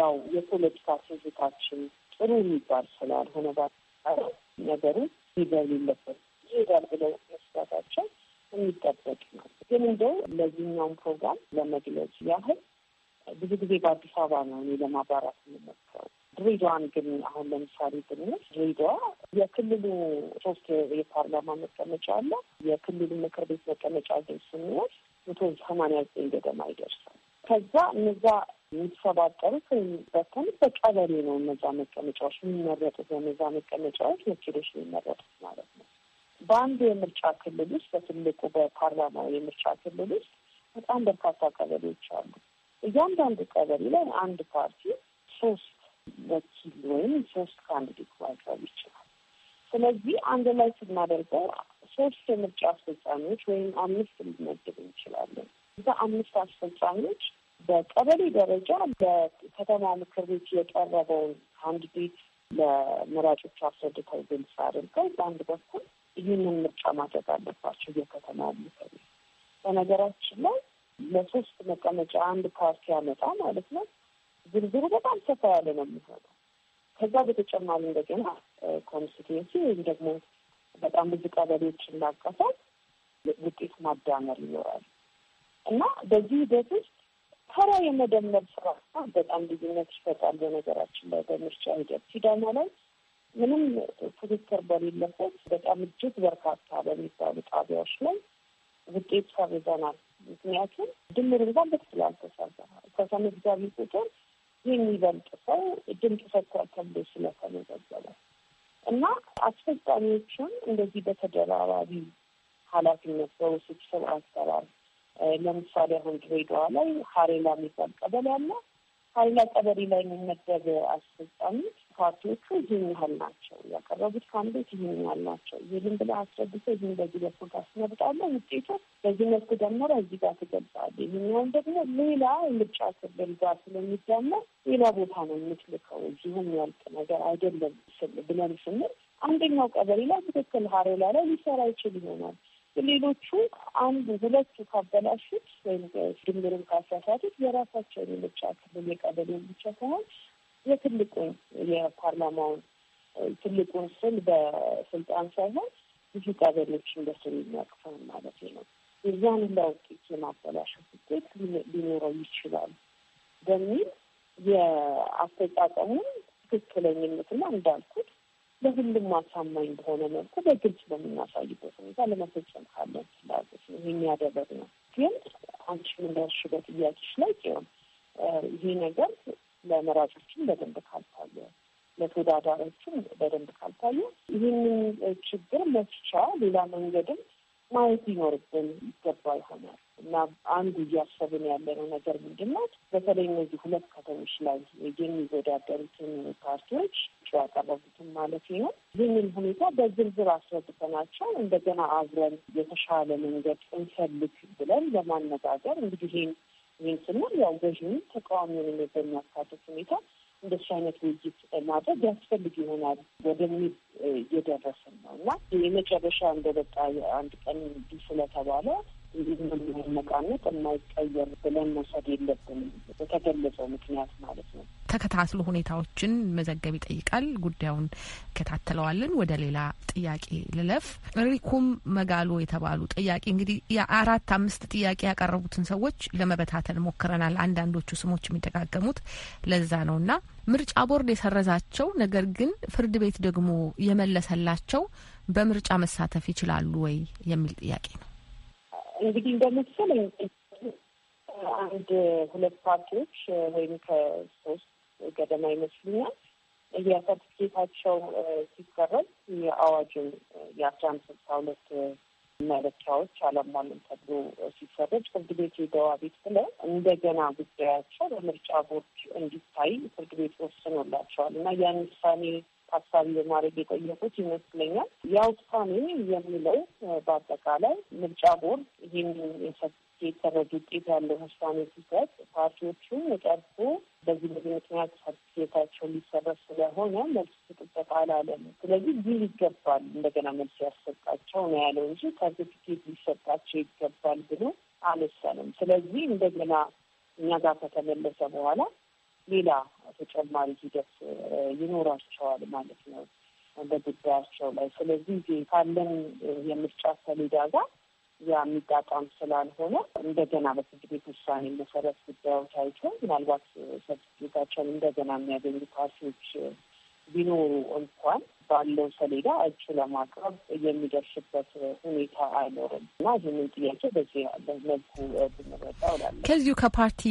ያው የፖለቲካ ትዝታችን ጥሩ የሚባል ስላልሆነ ባለው ነገሩ ይዘው ይሄዳል ብለው መስራታቸው የሚጠበቅ ነው። ግን እንደው ለዚህኛውን ፕሮግራም ለመግለጽ ያህል ብዙ ጊዜ በአዲስ አበባ ነው እኔ ለማባራት የምመክረው። ድሬዳዋን ግን አሁን ለምሳሌ ብንወስድ ድሬዳዋ የክልሉ ሶስት የፓርላማ መቀመጫ አለ። የክልሉ ምክር ቤት መቀመጫ ግን ስንወስድ መቶ ሰማንያ ዘጠኝ ገደማ ይደርሳል። ከዛ እነዛ የሚሰባጠሩት ወይም የሚበተኑት በቀበሌ ነው። እነዛ መቀመጫዎች የሚመረጡት በነዛ መቀመጫዎች ወኪሎች የሚመረጡት ማለት ነው። በአንዱ የምርጫ ክልል ውስጥ በትልቁ በፓርላማው የምርጫ ክልል ውስጥ በጣም በርካታ ቀበሌዎች አሉ። እያንዳንዱ ቀበሌ ላይ አንድ ፓርቲ ሶስት ወኪል ወይም ሶስት ካንዲዴት ማቅረብ ይችላል። ስለዚህ አንድ ላይ ስናደርገው ሶስት የምርጫ አስፈጻሚዎች ወይም አምስት ልንመድብ እንችላለን። እዛ አምስት አስፈጻሚዎች በቀበሌ ደረጃ በከተማ ምክር ቤት የቀረበውን አንድ ቤት ለመራጮች አስረድተው ግልጽ አድርገው በአንድ በኩል ይህንን ምርጫ ማድረግ አለባቸው የከተማ ምክር ቤት። በነገራችን ላይ ለሶስት መቀመጫ አንድ ፓርቲ ያመጣ ማለት ነው። ዝርዝሩ በጣም ሰፋ ያለ ነው የሚሆነው። ከዛ በተጨማሪ እንደገና ኮንስቲትዌንሲ ወይም ደግሞ በጣም ብዙ ቀበሌዎች እንዳቀፈ ውጤት ማዳመር ይኖራል እና በዚህ ሂደት ውስጥ ተራ የመደመር ስራ በጣም ልዩነት ይፈጣል። በነገራችን ላይ በምርጫ ሂደት ሲዳማ ላይ ምንም ትክክር በሌለበት በጣም እጅግ በርካታ በሚባሉ ጣቢያዎች ላይ ውጤት ሰርዘናል። ምክንያቱም ድምር እንኳን በትክክል አልተሰራ ከተመዝጋቢ ቁጥር የሚበልጥ ሰው ድምፅ ሰጥቷል ተብሎ ስለተመዘገበ እና አስፈጻሚዎቹን እንደዚህ በተደራራቢ ኃላፊነት በውስብስብ አሰራር ለምሳሌ አሁን ድሬዳዋ ላይ ሀሬላ የሚባል ቀበሌ አለ። ሀሬላ ቀበሌ ላይ የሚመደብ አስፈጻሚ ፓርቲዎቹ ይህን ያህል ናቸው ያቀረቡት ካንዴት ይህን ያህል ናቸው ይህን ብለ አስረድተህ ይህን በዚህ በኩል ታስመርጣለህ፣ ውጤቱ በዚህ መልኩ ደመረ እዚህ ጋር ትገልጻለህ። ይህኛውን ደግሞ ሌላ ምርጫ ክልል ጋር ስለሚዳመር ሌላ ቦታ ነው የምትልከው፣ እዚሁ ያልቅ ነገር አይደለም ስል ብለን ስንል አንደኛው ቀበሌ ላይ ትክክል ሀሬላ ላይ ሊሰራ ይችል ይሆናል ሌሎቹ አንድ ሁለቱ ካበላሹት ወይም ድምሩን ካሳሳቱት የራሳቸውን የምርጫ ክልል የቀበሌውን ብቻ ሳይሆን የትልቁን የፓርላማውን ትልቁን ስል በስልጣን ሳይሆን ብዙ ቀበሌዎችን በስሩ የሚያቅፈውን ማለት ነው። የዛን ለውጤት የማበላሸት ውጤት ሊኖረው ይችላል በሚል የአፈጻጸሙን ትክክለኝነትና እንዳልኩት ለሁሉም አሳማኝ በሆነ መልኩ በግልጽ በምናሳይበት ሁኔታ ለመፈጸም ካለን ፍላጎት ነው ያደረግ ነው። ግን አንቺም ምንደርሽ በጥያቄሽ ላይ ሲሆን ይሄ ነገር ለመራጮችም በደንብ ካልታየ፣ ለተወዳዳሪዎችም በደንብ ካልታየ ይህንን ችግር መፍቻ ሌላ መንገድም ማየት ይኖርብን ይገባ ይሆናል እና አንዱ እያሰብን ያለነው ነገር ምንድን ነው? በተለይ እነዚህ ሁለት ከተሞች ላይ የሚወዳደሩትን ፓርቲዎች እጩ ያቀረቡትን ማለት ነው ይህንን ሁኔታ በዝርዝር አስረድተናቸው እንደገና አብረን የተሻለ መንገድ እንፈልግ ብለን ለማነጋገር እንግዲህ ይህን ይህን ስንል ያው ገዥውን ተቃዋሚውን በሚያካትት ሁኔታ እንደሱ አይነት ውይይት ማድረግ ያስፈልግ ይሆናል ወደሚል እየደረስን ነው እና የመጨረሻ በቃ አንድ ቀን ስለተባለ ነጻነት የማይቀየር ብለን መውሰድ የለብንም። በተገለጸው ምክንያት ማለት ነው። ተከታትሎ ሁኔታዎችን መዘገብ ይጠይቃል። ጉዳዩን ከታተለዋለን። ወደ ሌላ ጥያቄ ልለፍ። ሪኩም መጋሎ የተባሉ ጥያቄ እንግዲህ የአራት አምስት ጥያቄ ያቀረቡትን ሰዎች ለመበታተን ሞክረናል። አንዳንዶቹ ስሞች የሚደጋገሙት ለዛ ነውና ምርጫ ቦርድ የሰረዛቸው ነገር ግን ፍርድ ቤት ደግሞ የመለሰላቸው በምርጫ መሳተፍ ይችላሉ ወይ የሚል ጥያቄ ነው። እንግዲህ እንደምትሰለኝ አንድ ሁለት ፓርቲዎች ወይም ከሶስት ገደማ ይመስሉኛል የሰርቲፊኬታቸው ሲቀረብ የአዋጅን የአስራ አምስት ስልሳ ሁለት መለኪያዎች አላሟሉም ተብሎ ሲሰረዝ ፍርድ ቤት ሄደው አቤት ብለው እንደገና ጉዳያቸው በምርጫ ቦርድ እንዲታይ ፍርድ ቤት ወስኖላቸዋል እና ያን ውሳኔ ታሳቢ በማድረግ የጠየቁት ይመስለኛል። ያው ውሳኔ የሚለው በአጠቃላይ ምርጫ ቦርድ ይህንን የተረድ ውጤት ያለው ውሳኔ ሲሰጥ ፓርቲዎቹም መጨርሶ በዚህ በዚህ ምክንያት ሰርቲፊኬታቸው ሊሰረዝ ስለሆነ መልስ ስጥበት አላለም። ስለዚህ ቢል ይገባል እንደገና መልስ ያሰጣቸው ነው ያለው እንጂ ሰርቲፊኬት ሊሰጣቸው ይገባል ብሎ አልወሰንም። ስለዚህ እንደገና እኛ ጋር ከተመለሰ በኋላ ሌላ ተጨማሪ ሂደት ይኖራቸዋል ማለት ነው በጉዳያቸው ላይ። ስለዚህ ካለን የምርጫ ሰሌዳ ጋር ያ የሚጣጣም ስላልሆነ እንደገና በፍርድ ቤት ውሳኔ መሰረት ጉዳዩ ታይቶ ምናልባት ሰርቲፊኬታቸውን እንደገና የሚያገኙ ፓርቲዎች ቢኖሩ እንኳን ባለው ሰሌዳ እጁ ለማቅረብ የሚደርስበት ሁኔታ አይኖርም እና ይህንን ጥያቄ በዚህ መልኩ ብንረዳው ላለ ከዚሁ ከፓርቲ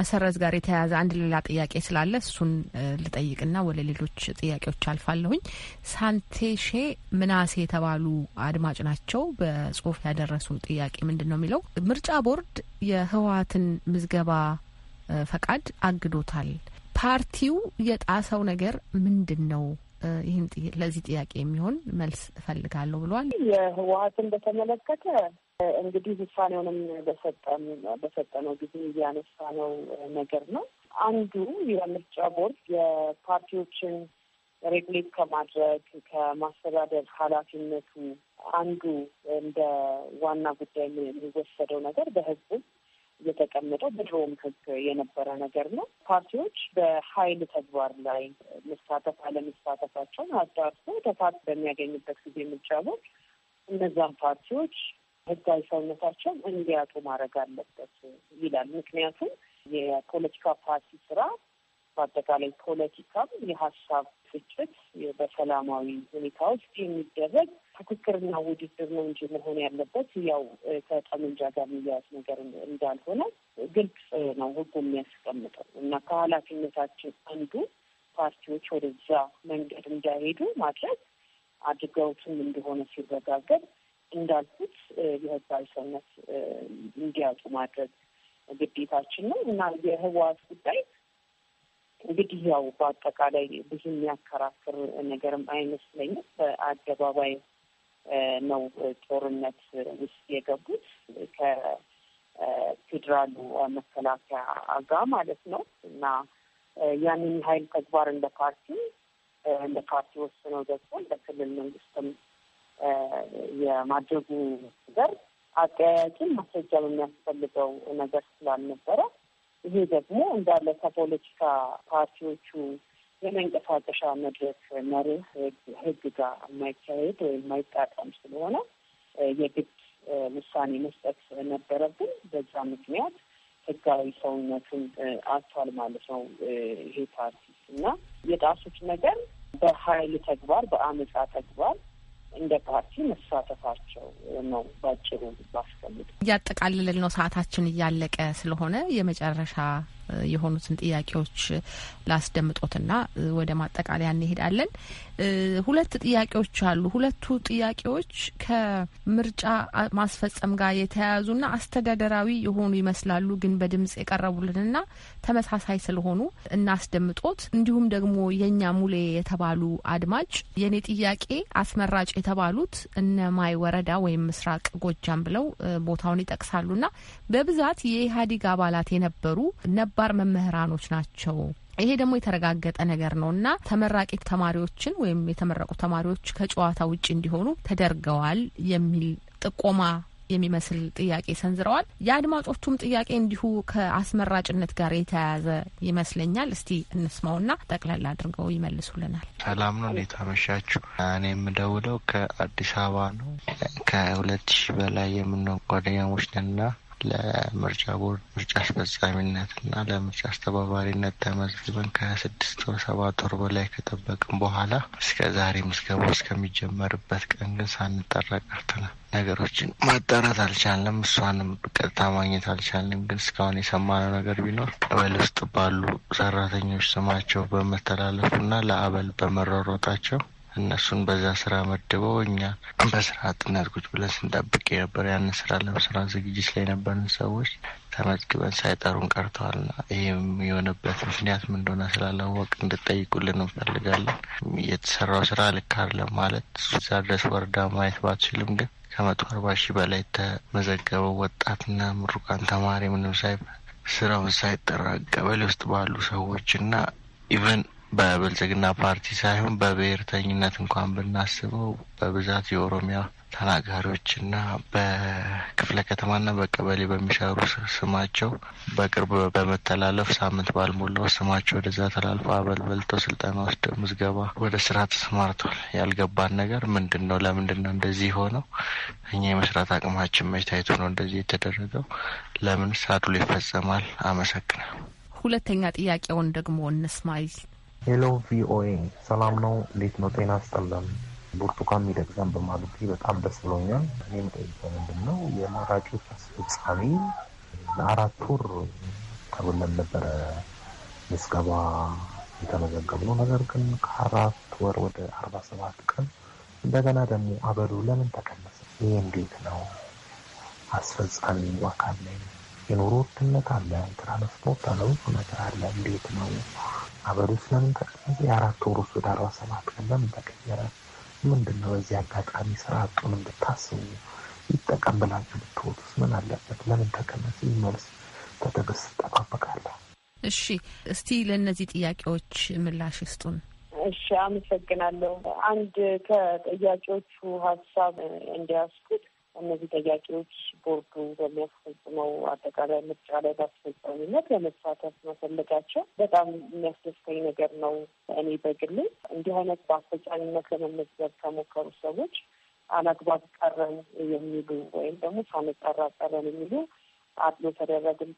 መሰረዝ ጋር የተያያዘ አንድ ሌላ ጥያቄ ስላለ እሱን ልጠይቅና ወደ ሌሎች ጥያቄዎች አልፋለሁኝ። ሳንቴሼ ምናሴ የተባሉ አድማጭ ናቸው። በጽሁፍ ያደረሱ ጥያቄ ምንድን ነው የሚለው ምርጫ ቦርድ የህወሀትን ምዝገባ ፈቃድ አግዶታል ፓርቲው የጣሰው ነገር ምንድን ነው? ይህን ለዚህ ጥያቄ የሚሆን መልስ እፈልጋለሁ ብሏል። የህወሀትን በተመለከተ እንግዲህ ውሳኔውንም በሰጠን በሰጠነው ጊዜ እያነሳነው ነገር ነው። አንዱ የምርጫ ቦርድ የፓርቲዎችን ሬጉሌት ከማድረግ ከማስተዳደር ኃላፊነቱ አንዱ እንደ ዋና ጉዳይ የሚወሰደው ነገር በህዝቡ የተቀመጠው በድሮም ሕግ የነበረ ነገር ነው። ፓርቲዎች በኃይል ተግባር ላይ መሳተፍ አለመሳተፋቸውን አዳርሶ ተፋት በሚያገኝበት ጊዜ የምጫወቅ እነዛን ፓርቲዎች ህጋዊ ሰውነታቸውን እንዲያጡ ማድረግ አለበት ይላል። ምክንያቱም የፖለቲካ ፓርቲ ስራ በአጠቃላይ ፖለቲካም የሀሳብ ግጭት በሰላማዊ ሁኔታ ውስጥ የሚደረግ ፉክክርና ውድድር ነው እንጂ መሆን ያለበት ያው ከጠመንጃ ጋር የሚያያዝ ነገር እንዳልሆነ ግልጽ ነው ህጉ የሚያስቀምጠው እና ከኃላፊነታችን አንዱ ፓርቲዎች ወደዛ መንገድ እንዳይሄዱ ማድረግ አድርገውትም እንደሆነ ሲረጋገጥ እንዳልኩት የህጋዊ ሰውነት እንዲያጡ ማድረግ ግዴታችን ነው እና የህወሓት ጉዳይ እንግዲህ ያው በአጠቃላይ ብዙ የሚያከራክር ነገርም አይመስለኝም። በአደባባይ ነው ጦርነት ውስጥ የገቡት ከፌዴራሉ መከላከያ ጋር ማለት ነው እና ያንን ኃይል ተግባር እንደ ፓርቲ እንደ ፓርቲ ወስነው ደግሞ እንደ ክልል መንግስትም የማድረጉ ነገር አጠያያቂን ማስረጃ የሚያስፈልገው ነገር ስላልነበረ ይሄ ደግሞ እንዳለ ከፖለቲካ ፓርቲዎቹ የመንቀሳቀሻ መድረክ መርህ ህግ ጋር የማይካሄድ ወይም የማይጣጣም ስለሆነ የግድ ውሳኔ መስጠት ነበረብን። በዛ ምክንያት ህጋዊ ሰውነቱን አጥቷል ማለት ነው ይሄ ፓርቲ እና የጣሱት ነገር በሀይል ተግባር፣ በአመፃ ተግባር እንደ ፓርቲ መሳተፋቸው ነው ባጭሩ ባስቀምጥ። እያጠቃልልን ነው፣ ሰዓታችን እያለቀ ስለሆነ የመጨረሻ የሆኑትን ጥያቄዎች ላስደምጦትና ወደ ማጠቃለያ እንሄዳለን። ሁለት ጥያቄዎች አሉ። ሁለቱ ጥያቄዎች ከምርጫ ማስፈጸም ጋር የተያያዙና አስተዳደራዊ የሆኑ ይመስላሉ፣ ግን በድምጽ የቀረቡልንና ተመሳሳይ ስለሆኑ እናስደምጦት። እንዲሁም ደግሞ የእኛ ሙሌ የተባሉ አድማጭ የእኔ ጥያቄ አስመራጭ የተባሉት እነ ማይ ወረዳ ወይም ምስራቅ ጎጃም ብለው ቦታውን ይጠቅሳሉና በብዛት የኢህአዴግ አባላት የነበሩ ነባ ነባር መምህራኖች ናቸው። ይሄ ደግሞ የተረጋገጠ ነገር ነው እና ተመራቂ ተማሪዎችን ወይም የተመረቁ ተማሪዎች ከጨዋታ ውጭ እንዲሆኑ ተደርገዋል የሚል ጥቆማ የሚመስል ጥያቄ ሰንዝረዋል። የአድማጮቹም ጥያቄ እንዲሁ ከአስመራጭነት ጋር የተያያዘ ይመስለኛል። እስቲ እንስማውና ጠቅለል አድርገው ይመልሱልናል። ሰላም ነው፣ እንዴት አመሻችሁ? እኔ የምደውለው ከአዲስ አበባ ነው። ከሁለት ሺህ በላይ የምንሆን ጓደኛሞች ነን እና ለምርጫ ቦርድ ምርጫ እና ለምርጫ አስተባባሪነት ተመዝግበን ከሀያ ስድስት ወር ሰባት ወር በላይ ከጠበቅን በኋላ እስከ ዛሬ ምዝገባ እስከሚጀመርበት ቀን ግን ሳንጠራ ቀርተናል። ነገሮችን ማጣራት አልቻለም እሷንም ቀጥታ ማግኘት አልቻለም ግን እስካሁን የሰማነው ነገር ቢኖር አበል ውስጥ ባሉ ሰራተኞች ስማቸው በመተላለፉና ለአበል በመሯሯጣቸው እነሱን በዛ ስራ መድበው እኛ በስራ አጥነት ቁጭ ብለን ስንጠብቅ የነበረ ያን ስራ ለመስራት ዝግጅት ላይ የነበርን ሰዎች ተመዝግበን ሳይጠሩን ቀርተዋልና ይህም የሆነበት ምክንያት ምን እንደሆነ ስላላወቅ እንድጠይቁልን እንፈልጋለን። የተሰራው ስራ ልክ ማለት እዛ ድረስ ወረዳ ማየት ባትችልም ግን ከመቶ አርባ ሺህ በላይ ተመዘገበው ወጣትና ምሩቃን ተማሪ ምንም ሳይ ስራውን ሳይጠራ ቀበሌ ውስጥ ባሉ ሰዎችና ኢቨን በብልጽግና ፓርቲ ሳይሆን በብሔርተኝነት እንኳን ብናስበው በብዛት የኦሮሚያ ተናጋሪዎችና በክፍለ ከተማና በቀበሌ በሚሰሩ ስማቸው በቅርብ በመተላለፍ ሳምንት ባልሞላው ስማቸው ወደዛ ተላልፎ አበል በልተው ስልጠና ውስጥ ምዝገባ ወደ ስራ ተሰማርቷል። ያልገባን ነገር ምንድን ነው? ለምንድን ነው እንደዚህ ሆነው? እኛ የመስራት አቅማችን መች ታይቶ ነው እንደዚህ የተደረገው? ለምን ሳድሎ ይፈጸማል? አመሰግናል። ሁለተኛ ጥያቄውን ደግሞ እንስማይል ሄሎ ቪኦኤ፣ ሰላም ነው? እንዴት ነው? ጤና ይስጥልን። ብርቱካን ሚደቅዛን በማለት በጣም ደስ ብሎኛል። እኔ የምጠይቀው ምንድን ነው የመራጮች አስፈጻሚ ለአራት ወር ተብለን ነበረ ምዝገባ ነው ነገር ግን ከአራት ወር ወደ አርባ ሰባት ቀን እንደገና ደግሞ አበሉ ለምን ተቀነሰ? ይሄ እንዴት ነው? አስፈጻሚ አካል ላይ የኑሮ ውድነት አለ፣ ትራንስፖርት አለ፣ ብዙ ነገር አለ። እንዴት ነው አበዱ ለምን ተቀመጠ? የአራት ወር ውስጥ ወደ አርባ ሰባት ቀን ለምን ተቀየረ? ምንድን ነው በዚህ አጋጣሚ ስራ አጡን እንድታስቡ ይጠቀም ብላችሁ ብትወጡስ ምን አለበት? ለምን ተቀመጠ? ይመልስ በትዕግስት እጠባበቃለሁ። እሺ፣ እስቲ ለእነዚህ ጥያቄዎች ምላሽ ይስጡን። እሺ፣ አመሰግናለሁ። አንድ ከጥያቄዎቹ ሀሳብ እንዲያስኩት እነዚህ ጥያቄዎች ቦርዱ በሚያስፈጽመው አጠቃላይ ምርጫ ላይ በአስፈጻሚነት ለመሳተፍ መፈለጋቸው በጣም የሚያስደስተኝ ነገር ነው። እኔ በግሌ እንዲህ አይነት በአስፈጻሚነት ለመመዝገብ ከሞከሩ ሰዎች አላግባብ ቀረን የሚሉ ወይም ደግሞ ሳንጠራ ቀረን የሚሉ አድሎ ተደረግን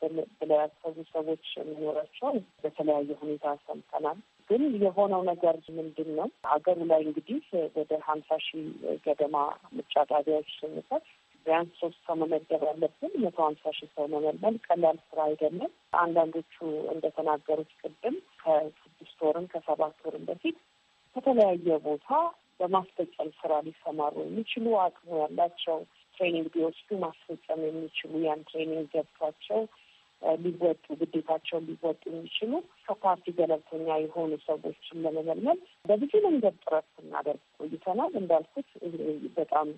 ብለው ያሰቡ ሰዎች የሚኖራቸውን በተለያየ ሁኔታ ሰምተናል። ግን የሆነው ነገር ምንድን ነው? አገሩ ላይ እንግዲህ ወደ ሀምሳ ሺህ ገደማ ምርጫ ጣቢያዎች ስንሰት ቢያንስ ሶስት ሰው መመደብ አለብን። መቶ ሀምሳ ሺህ ሰው መመልመል ቀላል ስራ አይደለም። አንዳንዶቹ እንደተናገሩት ቅድም ከስድስት ወርም ከሰባት ወርም በፊት ከተለያየ ቦታ በማስፈጸም ስራ ሊሰማሩ የሚችሉ አቅሙ ያላቸው ትሬኒንግ ቢወስዱ ማስፈጸም የሚችሉ ያን ትሬኒንግ ገብቷቸው ሊወጡ ግዴታቸውን ሊወጡ የሚችሉ ከፓርቲ ገለልተኛ የሆኑ ሰዎችን ለመመልመል በብዙ መንገድ ጥረት ስናደርግ ቆይተናል። እንዳልኩት በጣም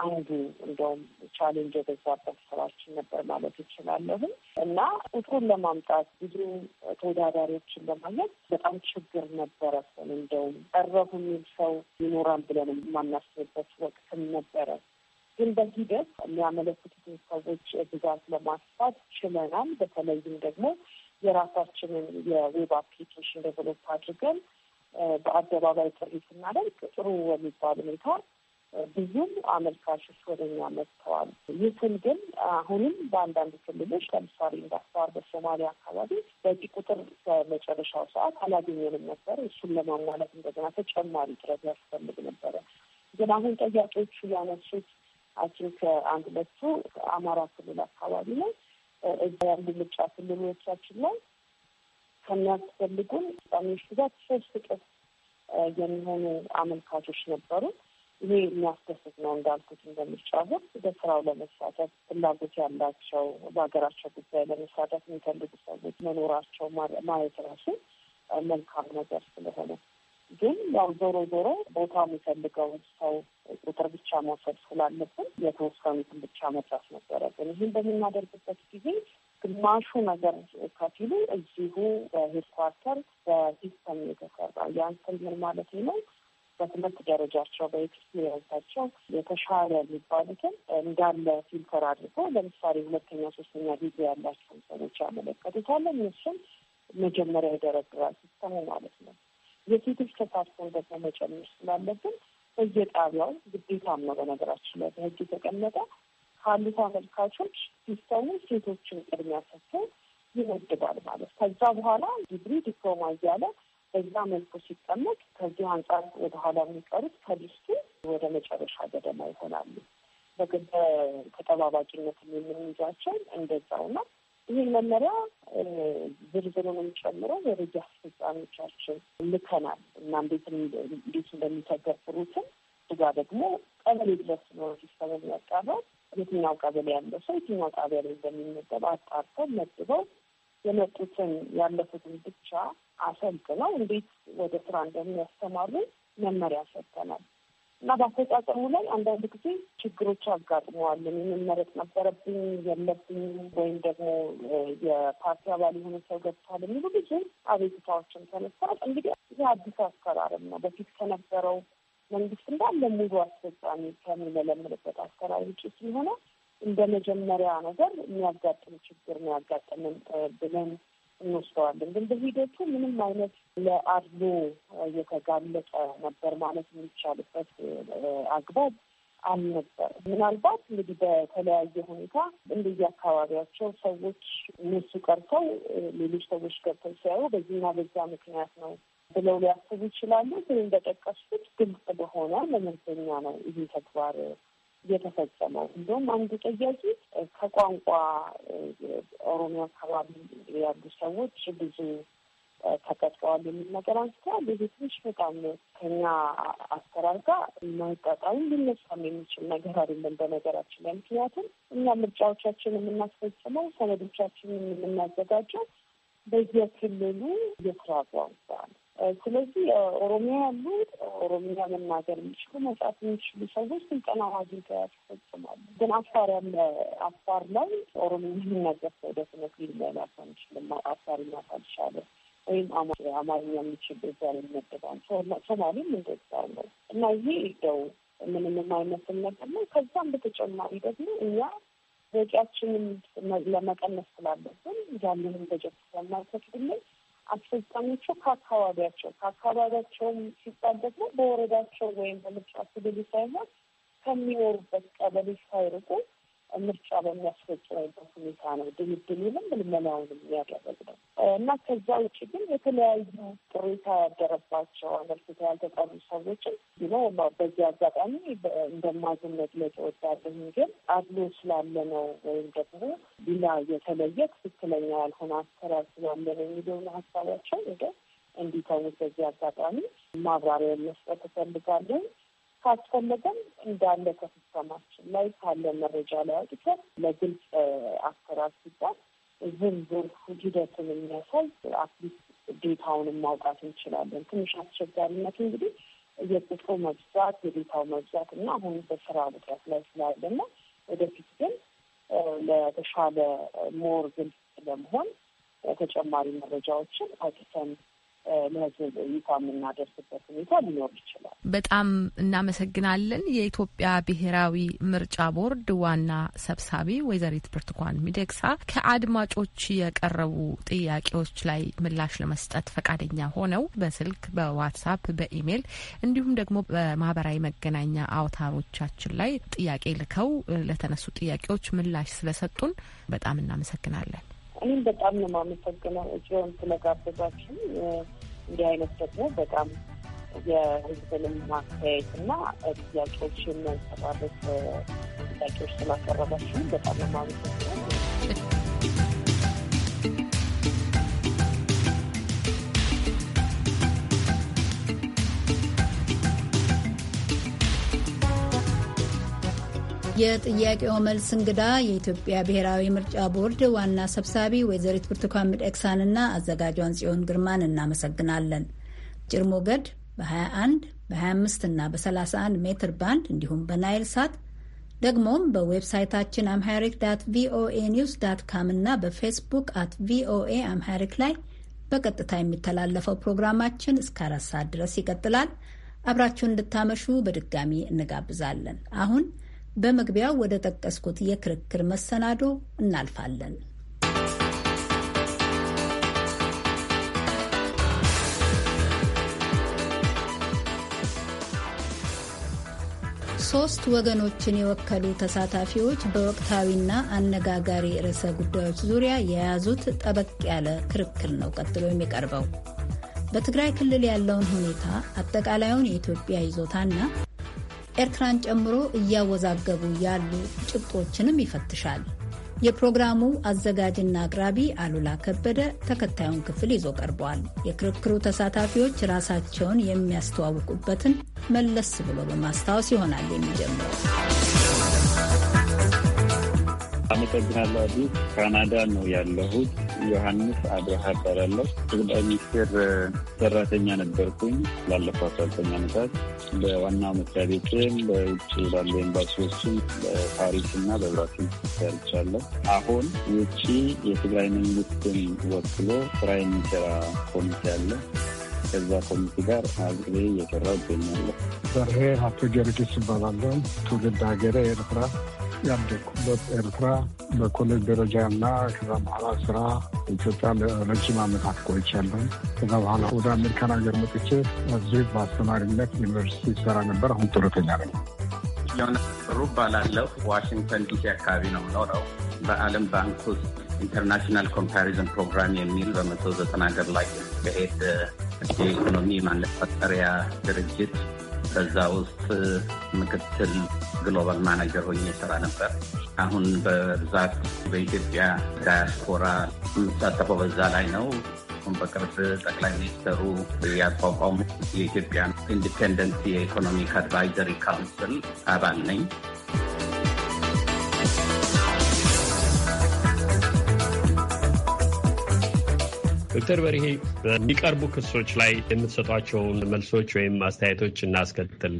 አንዱ እንደውም ቻሌንጅ የበዛበት ስራችን ነበር ማለት እችላለሁም እና ቁጥሩን ለማምጣት ብዙ ተወዳዳሪዎችን ለማግኘት በጣም ችግር ነበረ። እንደውም ቀረቡ የሚል ሰው ይኖራል ብለን የማናስብበት ወቅትም ነበረ። ግን በሂደት የሚያመለክቱት ሰዎች ብዛት ለማስፋት ችለናል። በተለይም ደግሞ የራሳችንን የዌብ አፕሊኬሽን ዴቨሎፕ አድርገን በአደባባይ ጥሪ ስናደርግ ጥሩ የሚባል ሁኔታ ብዙም አመልካቾች ወደ እኛ መጥተዋል። ይህን ግን አሁንም በአንዳንድ ክልሎች ለምሳሌ እንዳስተዋር በሶማሊያ አካባቢ በቂ ቁጥር በመጨረሻው ሰዓት አላገኘንም ነበር። እሱን ለማሟላት እንደገና ተጨማሪ ጥረት ያስፈልግ ነበረ። ግን አሁን ጠያቂዎቹ ያነሱት አችን ከአንድ ሁለቱ አማራ ክልል አካባቢ ላይ እዛ ያሉ ምርጫ ክልሎቻችን ላይ ከሚያስፈልጉን ጣሚዎች ብዛት ሶስት እጥፍ የሚሆኑ አመልካቾች ነበሩ። ይሄ የሚያስደስት ነው። እንዳልኩት እንደ ምርጫ በስራው ለመሳተፍ ፍላጎት ያላቸው በሀገራቸው ጉዳይ ለመሳተፍ የሚፈልጉ ሰዎች መኖራቸው ማየት ራሱ መልካም ነገር ስለሆነ ግን ያው ዞሮ ዞሮ ቦታው የሚፈልገውን ሰው ቁጥር ብቻ መውሰድ ስላለብን የተወሰኑትን ብቻ መድረስ ነበረብን። ይህን በምናደርግበት ጊዜ ግማሹ ነገር ከፊሉ እዚሁ በሄድኳርተር በሲስተም የተሰራ ያንስል ምን ማለት ነው? በትምህርት ደረጃቸው በኤክስፒሪየንሳቸው የተሻለ የሚባሉትን እንዳለ ፊልተር አድርጎ ለምሳሌ ሁለተኛ፣ ሶስተኛ ጊዜ ያላቸውን ሰዎች ያመለከቱታል። እሱም መጀመሪያ ይደረድራል ሲስተሙ ማለት ነው። የሴቶች ተሳትፎን ደግሞ መጨመር ስላለብን በየጣቢያው ግዴታም ነው። በነገራችን ላይ በህግ የተቀመጠ ካሉት አመልካቾች ሲሰሙ ሴቶችን ቅድሚያ ሰጥቶ ይመድባል ማለት ከዛ በኋላ ዲግሪ ዲፕሎማ እያለ በዛ መልኩ ሲቀመጥ ከዚህ አንጻር ወደ ኋላ የሚቀሩት ከሊስቱ ወደ መጨረሻ ገደማ ይሆናሉ። በግበ ተጠባባቂነት የምንይዛቸው እንደዛው ነው። ይህ መመሪያ ዝርዝሩንም ጨምሮ የህግ አስፈጻሚዎቻችን ልከናል። እናም ቤት እንዴት እንደሚተገብሩትን እዛ ደግሞ ቀበሌ ድረስ ኖቲስ ከበሚያቀርበው የትኛው ቀበሌ ያለው ሰው የትኛው ጣቢያ ላይ እንደሚመደብ አጣርተው መድበው የመጡትን ያለፉትን ብቻ አሰልጥነው እንዴት ወደ ስራ እንደሚያስተማሩ መመሪያ ሰጥተናል። እና በአፈጻጸሙ ላይ አንዳንድ ጊዜ ችግሮች አጋጥመዋል። መረጥ ነበረብኝ የለብኝ ወይም ደግሞ የፓርቲ አባል የሆነ ሰው ገብቷል የሚሉ ብዙ አቤቱታዎችን ተነስተዋል። እንግዲህ ይህ አዲስ አሰራርም ነው። በፊት ከነበረው መንግስት እንዳለ ሙሉ አስፈጻሚ ከሚመለምልበት አሰራር ውጭ ስለሆነ እንደ መጀመሪያ ነገር የሚያጋጥም ችግር ነው ብለን እንወስደዋለን። ግን በሂደቱ ምንም አይነት ለአድሎ የተጋለጠ ነበር ማለት የሚቻልበት አግባብ አልነበርም። ምናልባት እንግዲህ በተለያየ ሁኔታ እንደየ አካባቢያቸው ሰዎች እነሱ ቀርተው ሌሎች ሰዎች ገብተው ሲያዩ በዚህና በዛ ምክንያት ነው ብለው ሊያስቡ ይችላሉ። ግን እንደጠቀስኩት ግልጽ በሆነ መመዘኛ ነው ይህ ተግባር የተፈጸመው። እንዲሁም አንዱ ጠያቂ ከቋንቋ ኦሮሚያ አካባቢ ያሉ ሰዎች ብዙ ተቀጥቀዋል የሚል ነገር አንስተዋል። ይህ ትንሽ በጣም ከኛ አሰራር ጋር ሊነሳም የሚችል ነገር አይደለም በነገራችን ላይ ምክንያቱም እኛ ምርጫዎቻችን የምናስፈጽመው ሰነዶቻችን የምናዘጋጀው በየክልሉ የስራ ቋንቋ ነው። ስለዚህ ኦሮሚያ ያሉ ኦሮሚያ መናገር የሚችሉ መጻፍ የሚችሉ ሰዎች ስልጠና ማግኝተው ያስፈጽማሉ። ግን አፋር ያለ አፋር ላይ ኦሮሚያ የሚናገር ሰው ደፍነት ሊለያ ላሳ አፋር ይናት ወይም አማርኛ የሚችል እዛ ላይ ይመደባል። ሶማሌም እንደዛው ነው እና ይሄ ደው ምንም የማይመስል ነገር ነው። ከዛም በተጨማሪ ደግሞ እኛ ወጪያችንን ለመቀነስ ስላለብን ያለንን በጀት ስለማይፈቅድልን አስፈጻሚዎቹ ከአካባቢያቸው ከአካባቢያቸውም ሲባል ደግሞ በወረዳቸው ወይም በምርጫ ክልሉ ሳይሆን ከሚኖሩበት ቀበሌ ሳይርቁ ምርጫ በሚያስፈጽምበት ሁኔታ ነው ድልድሉንም ልመናውንም የሚያደረግ ነው እና ከዛ ውጭ ግን የተለያዩ ቅሬታ ያደረባቸው አመልክቶ ያልተጠሩ ሰዎችም ቢለው በዚህ አጋጣሚ እንደማዝን መግለጽ እወዳለሁ። ግን አድሎ ስላለ ነው ወይም ደግሞ ሌላ የተለየ ትክክለኛ ያልሆነ አሰራር ስላለ ነው የሚለውን ሀሳባቸው ወደ እንዲተውት በዚህ አጋጣሚ ማብራሪያ መስጠት እፈልጋለሁ። ካስፈለገም እንዳለ ከሲስተማችን ላይ ካለ መረጃ ላይ አውጥተን ለግልጽ አሰራር ሲባል ዝርዝር ሂደትን የሚያሳይ አትሊስት ዴታውንም ማውጣት እንችላለን። ትንሽ አስቸጋሪነት እንግዲህ የቁጡ መብዛት፣ የዴታው መብዛት እና አሁን በስራ ውጥረት ላይ ስላለና ወደፊት ግን ለተሻለ ሞር ግልጽ ለመሆን ተጨማሪ መረጃዎችን አውጥተን ለህዝብ ይፋ የምናደርስበት ሁኔታ ሊኖር ይችላል። በጣም እናመሰግናለን። የኢትዮጵያ ብሔራዊ ምርጫ ቦርድ ዋና ሰብሳቢ ወይዘሪት ብርቱካን ሚደግሳ ከአድማጮች የቀረቡ ጥያቄዎች ላይ ምላሽ ለመስጠት ፈቃደኛ ሆነው በስልክ በዋትሳፕ፣ በኢሜይል እንዲሁም ደግሞ በማህበራዊ መገናኛ አውታሮቻችን ላይ ጥያቄ ልከው ለተነሱ ጥያቄዎች ምላሽ ስለሰጡን በጣም እናመሰግናለን። እኔም በጣም ነው የማመሰግነው እጅን ስለጋበዛችን። እንዲህ አይነት ደግሞ በጣም የህዝብንም ማስተያየት እና ጥያቄዎችን መንጸባረቅ ጥያቄዎች ስላቀረባችሁ በጣም ነው የማመሰግነው። የጥያቄው መልስ እንግዳ የኢትዮጵያ ብሔራዊ ምርጫ ቦርድ ዋና ሰብሳቢ ወይዘሪት ብርቱካን ሚደቅሳንና አዘጋጇን ጽዮን ግርማን እናመሰግናለን። አጭር ሞገድ በ21 በ25 እና በ31 ሜትር ባንድ እንዲሁም በናይል ሳት ደግሞም በዌብሳይታችን አምሐሪክ ዳት ቪኦኤ ኒውስ ዳት ካም እና በፌስቡክ አት ቪኦኤ አምሐሪክ ላይ በቀጥታ የሚተላለፈው ፕሮግራማችን እስከ አራት ሰዓት ድረስ ይቀጥላል። አብራችሁን እንድታመሹ በድጋሚ እንጋብዛለን። አሁን በመግቢያው ወደ ጠቀስኩት የክርክር መሰናዶ እናልፋለን። ሶስት ወገኖችን የወከሉ ተሳታፊዎች በወቅታዊና አነጋጋሪ ርዕሰ ጉዳዮች ዙሪያ የያዙት ጠበቅ ያለ ክርክር ነው ቀጥሎ የሚቀርበው። በትግራይ ክልል ያለውን ሁኔታ፣ አጠቃላዩን የኢትዮጵያ ይዞታና ኤርትራን ጨምሮ እያወዛገቡ ያሉ ጭብጦችንም ይፈትሻል። የፕሮግራሙ አዘጋጅና አቅራቢ አሉላ ከበደ ተከታዩን ክፍል ይዞ ቀርቧል። የክርክሩ ተሳታፊዎች ራሳቸውን የሚያስተዋውቁበትን መለስ ብሎ በማስታወስ ይሆናል የሚጀምረው። አመሰግናለሁ። አዲስ ካናዳ ነው ያለሁት። ዮሐንስ አብርሃ እባላለሁ። ጠቅላይ ሚኒስቴር ሰራተኛ ነበርኩኝ ላለፈው አስራ ዘጠኝ ዓመታት በዋና መስሪያ ቤቴም በውጭ ባሉ ኤምባሲዎችም በፓሪስ እና በብራሲል ሰርቻለሁ። አሁን ውጭ የትግራይ መንግስትን ወክሎ ስራ የሚሰራ ኮሚቴ አለ። ከዛ ኮሚቴ ጋር አብሬ እየሰራ ይገኛለሁ። በሬ አቶ ጊዮርጊስ እባላለሁ። ትውልድ ሀገሬ ኤርትራ ያደግኩበት ኤርትራ በኮሌጅ ደረጃ እና ከዛ በኋላ ስራ ኢትዮጵያ ለረጅም ዓመታት ቆይቻለሁ። ከዛ በኋላ ወደ አሜሪካን ሀገር መጥቼ እዚህ በአስተማሪነት ዩኒቨርሲቲ ሰራ ነበር። አሁን ጡረተኛ ነኝ። ዮና ሩ እባላለሁ። ዋሽንግተን ዲሲ አካባቢ ነው የምኖረው። በዓለም ባንክ ውስጥ ኢንተርናሽናል ኮምፓሪዝን ፕሮግራም የሚል በመቶ ዘጠና ሀገር ላይ የሚካሄድ የኢኮኖሚ ማነጻጸሪያ ድርጅት በዛ ውስጥ ምክትል ግሎባል ማናጀር ሆኜ የሰራ ነበር። አሁን በብዛት በኢትዮጵያ ዳያስፖራ የምሳተፈው በዛ ላይ ነው። አሁን በቅርብ ጠቅላይ ሚኒስትሩ ያቋቋሙት የኢትዮጵያ ኢንዲፔንደንት የኢኮኖሚክ አድቫይዘሪ ካውንስል አባል ነኝ። ዶክተር በርሄ በሚቀርቡ ክሶች ላይ የምትሰጧቸውን መልሶች ወይም አስተያየቶች እናስከትል።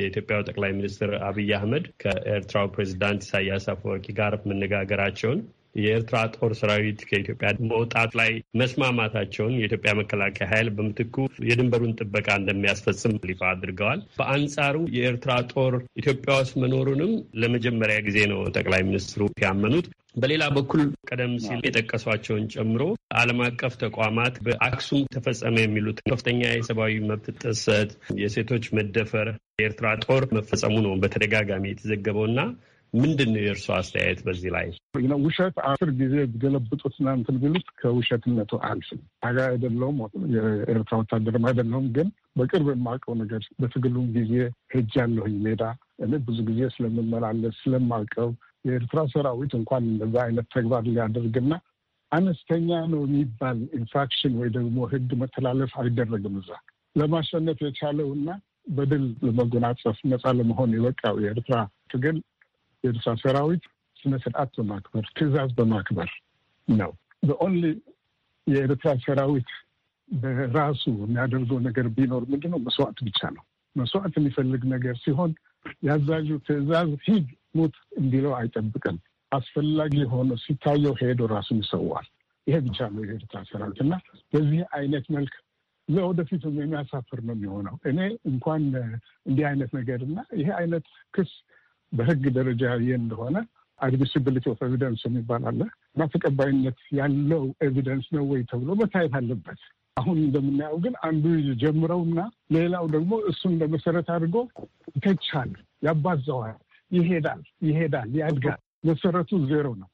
የኢትዮጵያው ጠቅላይ ሚኒስትር አብይ አህመድ ከኤርትራው ፕሬዚዳንት ኢሳያስ አፈወርቂ ጋር መነጋገራቸውን የኤርትራ ጦር ሰራዊት ከኢትዮጵያ መውጣት ላይ መስማማታቸውን የኢትዮጵያ መከላከያ ኃይል በምትኩ የድንበሩን ጥበቃ እንደሚያስፈጽም ይፋ አድርገዋል። በአንጻሩ የኤርትራ ጦር ኢትዮጵያ ውስጥ መኖሩንም ለመጀመሪያ ጊዜ ነው ጠቅላይ ሚኒስትሩ ያመኑት። በሌላ በኩል ቀደም ሲል የጠቀሷቸውን ጨምሮ ዓለም አቀፍ ተቋማት በአክሱም ተፈጸመ የሚሉት ከፍተኛ የሰብአዊ መብት ጥሰት፣ የሴቶች መደፈር የኤርትራ ጦር መፈጸሙ ነው በተደጋጋሚ የተዘገበውና ምንድን ነው የእርሱ አስተያየት በዚህ ላይ? ውሸት አስር ጊዜ ገለብጡት እንትን ቢሉት ከውሸትነቱ አልፍም። ታጋ አይደለውም፣ የኤርትራ ወታደርም አይደለውም። ግን በቅርብ የማውቀው ነገር በትግሉም ጊዜ ያለሁኝ ሜዳ እኔ ብዙ ጊዜ ስለምመላለስ ስለማውቀው የኤርትራ ሰራዊት እንኳን እንደዛ አይነት ተግባር ሊያደርግና አነስተኛ ነው የሚባል ኢንፍራክሽን ወይ ደግሞ ህግ መተላለፍ አይደረግም። እዛ ለማሸነፍ የቻለውና በድል ለመጎናጸፍ ነፃ ለመሆን የበቃው የኤርትራ ትግል የኤርትራ ሰራዊት ስነ ስርዓት በማክበር ትዕዛዝ በማክበር ነው። በኦንሊ የኤርትራ ሰራዊት በራሱ የሚያደርገው ነገር ቢኖር ምንድነው? መስዋዕት ብቻ ነው። መስዋዕት የሚፈልግ ነገር ሲሆን የአዛዡ ትዕዛዝ ሂድ ሙት እንዲለው አይጠብቅም። አስፈላጊ የሆነ ሲታየው ሄዶ ራሱን ይሰዋል። ይሄ ብቻ ነው የኤርትራ ሰራዊት እና በዚህ አይነት መልክ ለወደፊቱ የሚያሳፍር ነው የሚሆነው። እኔ እንኳን እንዲህ አይነት ነገር እና ይሄ አይነት ክስ በህግ ደረጃ እንደሆነ አድሚሲቢሊቲ ኦፍ ኤቪደንስ የሚባል አለ እና ተቀባይነት ያለው ኤቪደንስ ነው ወይ ተብሎ መታየት አለበት። አሁን እንደምናየው ግን አንዱ ጀምረውና ሌላው ደግሞ እሱን ለመሰረት አድርጎ ይተቻል፣ ያባዛዋል፣ ይሄዳል ይሄዳል፣ ያድጋል። መሰረቱ ዜሮ ነው።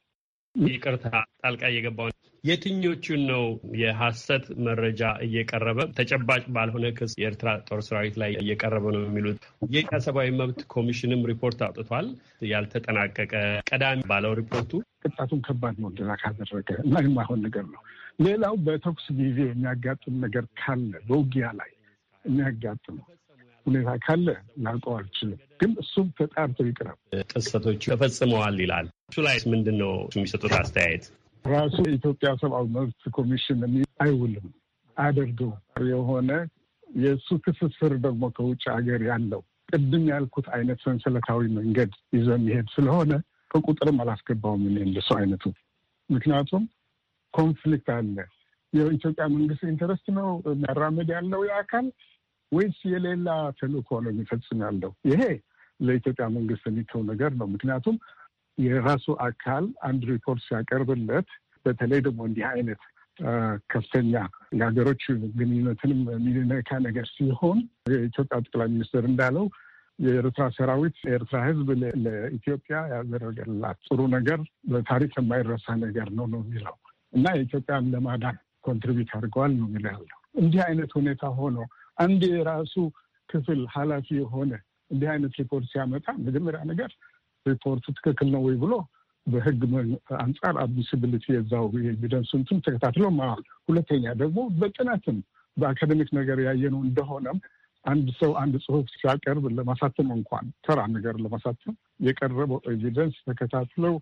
ይቅርታ ጣልቃ እየገባው የትኞቹን ነው የሐሰት መረጃ እየቀረበ ተጨባጭ ባልሆነ ክስ የኤርትራ ጦር ሰራዊት ላይ እየቀረበ ነው የሚሉት? የሰብአዊ መብት ኮሚሽንም ሪፖርት አውጥቷል። ያልተጠናቀቀ ቀዳሚ ባለው ሪፖርቱ ቅጣቱን ከባድ ነው እንደዛ ካደረገ የማይሆን ነገር ነው። ሌላው በተኩስ ጊዜ የሚያጋጥም ነገር ካለ በውጊያ ላይ የሚያጋጥም ሁኔታ ካለ ላውቀው አልችልም፣ ግን እሱም ተጣርቶ ይቅረብ። ጥሰቶቹ ተፈጽመዋል ይላል። እሱ ላይ ምንድን ነው የሚሰጡት አስተያየት? ራሱ የኢትዮጵያ ሰብአዊ መብት ኮሚሽን አይውልም አያደርገው የሆነ የእሱ ትስስር ደግሞ ከውጭ ሀገር ያለው ቅድም ያልኩት አይነት ሰንሰለታዊ መንገድ ይዞ የሚሄድ ስለሆነ በቁጥርም አላስገባውም እኔ እንደሱ አይነቱ። ምክንያቱም ኮንፍሊክት አለ። የኢትዮጵያ መንግስት ኢንተረስት ነው የሚያራምድ ያለው የአካል ወይስ የሌላ ተልእኮ ነው የሚፈጽም ያለው? ይሄ ለኢትዮጵያ መንግስት የሚተው ነገር ነው። ምክንያቱም የራሱ አካል አንድ ሪፖርት ሲያቀርብለት በተለይ ደግሞ እንዲህ አይነት ከፍተኛ የሀገሮች ግንኙነትንም የሚነካ ነገር ሲሆን የኢትዮጵያ ጠቅላይ ሚኒስትር እንዳለው የኤርትራ ሰራዊት የኤርትራ ሕዝብ ለኢትዮጵያ ያደረገላት ጥሩ ነገር በታሪክ የማይረሳ ነገር ነው ነው የሚለው እና የኢትዮጵያን ለማዳን ኮንትሪቢዩት አድርገዋል ነው የሚለው ያለው። እንዲህ አይነት ሁኔታ ሆኖ አንድ የራሱ ክፍል ኃላፊ የሆነ እንዲህ አይነት ሪፖርት ሲያመጣ መጀመሪያ ነገር ሪፖርቱ ትክክል ነው ወይ ብሎ በህግ አንጻር አድሚሲቢሊቲ የዛው ኤቪደንስ እንትን ተከታትሎ ማዋል፣ ሁለተኛ ደግሞ በጥናትም በአካደሚክ ነገር ያየነው እንደሆነም አንድ ሰው አንድ ጽሁፍ ሲያቀርብ ለማሳተም እንኳን ተራ ነገር ለማሳተም የቀረበው ኤቪደንስ ተከታትለው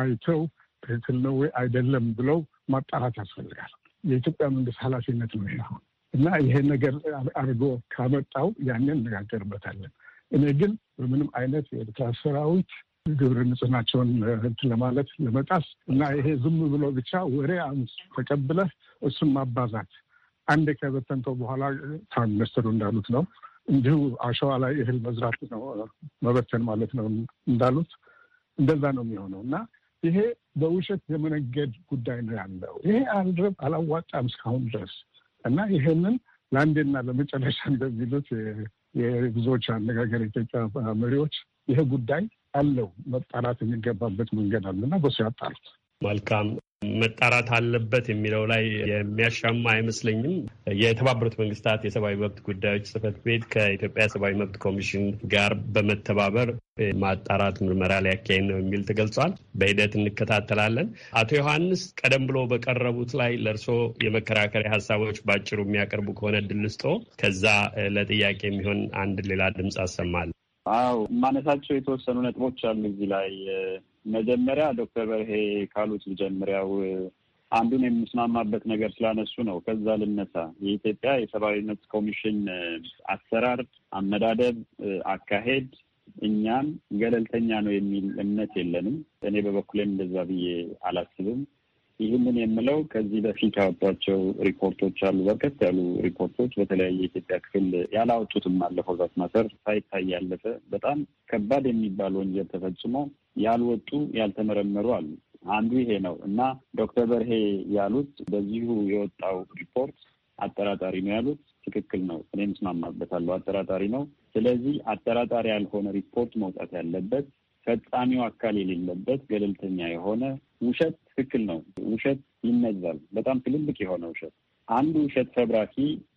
አይተው ትክክል ነው ወይ አይደለም ብለው ማጣራት ያስፈልጋል። የኢትዮጵያ መንግስት ኃላፊነት ነው እና ይሄ ነገር አድርጎ ካመጣው ያንን እነጋገርበታለን። እኔ ግን በምንም አይነት የኤርትራ ሰራዊት ግብር ንጽህናቸውን እንትን ለማለት ለመጣስ እና ይሄ ዝም ብሎ ብቻ ወሬ አንስ ተቀብለህ እሱን ማባዛት አንድ ከበተንተው በኋላ ታን ሚኒስትሩ እንዳሉት ነው። እንዲሁ አሸዋ ላይ እህል መዝራት ነው መበተን ማለት ነው እንዳሉት እንደዛ ነው የሚሆነው እና ይሄ በውሸት የመነገድ ጉዳይ ነው ያለው። ይሄ አልረብ አላዋጣም እስካሁን ድረስ እና ይሄንን ለአንዴና ለመጨረሻ እንደሚሉት የብዙዎች አነጋገር ኢትዮጵያ መሪዎች ይህ ጉዳይ አለው መጣራት የሚገባበት መንገድ አለና በሱ ያጣሩት። መልካም መጣራት አለበት የሚለው ላይ የሚያሻማ አይመስለኝም። የተባበሩት መንግስታት የሰብአዊ መብት ጉዳዮች ጽህፈት ቤት ከኢትዮጵያ ሰብአዊ መብት ኮሚሽን ጋር በመተባበር ማጣራት ምርመራ ሊያካሄድ ነው የሚል ተገልጿል። በሂደት እንከታተላለን። አቶ ዮሐንስ ቀደም ብሎ በቀረቡት ላይ ለእርሶ የመከራከሪያ ሀሳቦች ባጭሩ የሚያቀርቡ ከሆነ ድል ስጦ፣ ከዛ ለጥያቄ የሚሆን አንድ ሌላ ድምፅ አሰማል። አው የማነሳቸው የተወሰኑ ነጥቦች አሉ እዚህ ላይ። መጀመሪያ ዶክተር በርሄ ካሉት ልጀምር። አንዱን የምስማማበት ነገር ስላነሱ ነው። ከዛ ልነሳ። የኢትዮጵያ የሰብአዊነት ኮሚሽን አሰራር፣ አመዳደብ፣ አካሄድ እኛን ገለልተኛ ነው የሚል እምነት የለንም። እኔ በበኩሌም እንደዛ ብዬ አላስብም። ይህንን የምለው ከዚህ በፊት ያወጧቸው ሪፖርቶች አሉ። በርከት ያሉ ሪፖርቶች በተለያየ የኢትዮጵያ ክፍል ያላወጡትም አለፈው ዛት ማሰር ሳይታይ ያለፈ በጣም ከባድ የሚባል ወንጀል ተፈጽሞ ያልወጡ ያልተመረመሩ አሉ። አንዱ ይሄ ነው እና ዶክተር በርሄ ያሉት በዚሁ የወጣው ሪፖርት አጠራጣሪ ነው ያሉት ትክክል ነው። እኔም እስማማበታለሁ። አጠራጣሪ ነው። ስለዚህ አጠራጣሪ ያልሆነ ሪፖርት መውጣት ያለበት ፈጻሚው አካል የሌለበት ገለልተኛ የሆነ ውሸት ትክክል ነው። ውሸት ይነዛል። በጣም ትልልቅ የሆነ ውሸት። አንዱ ውሸት ፈብራኪ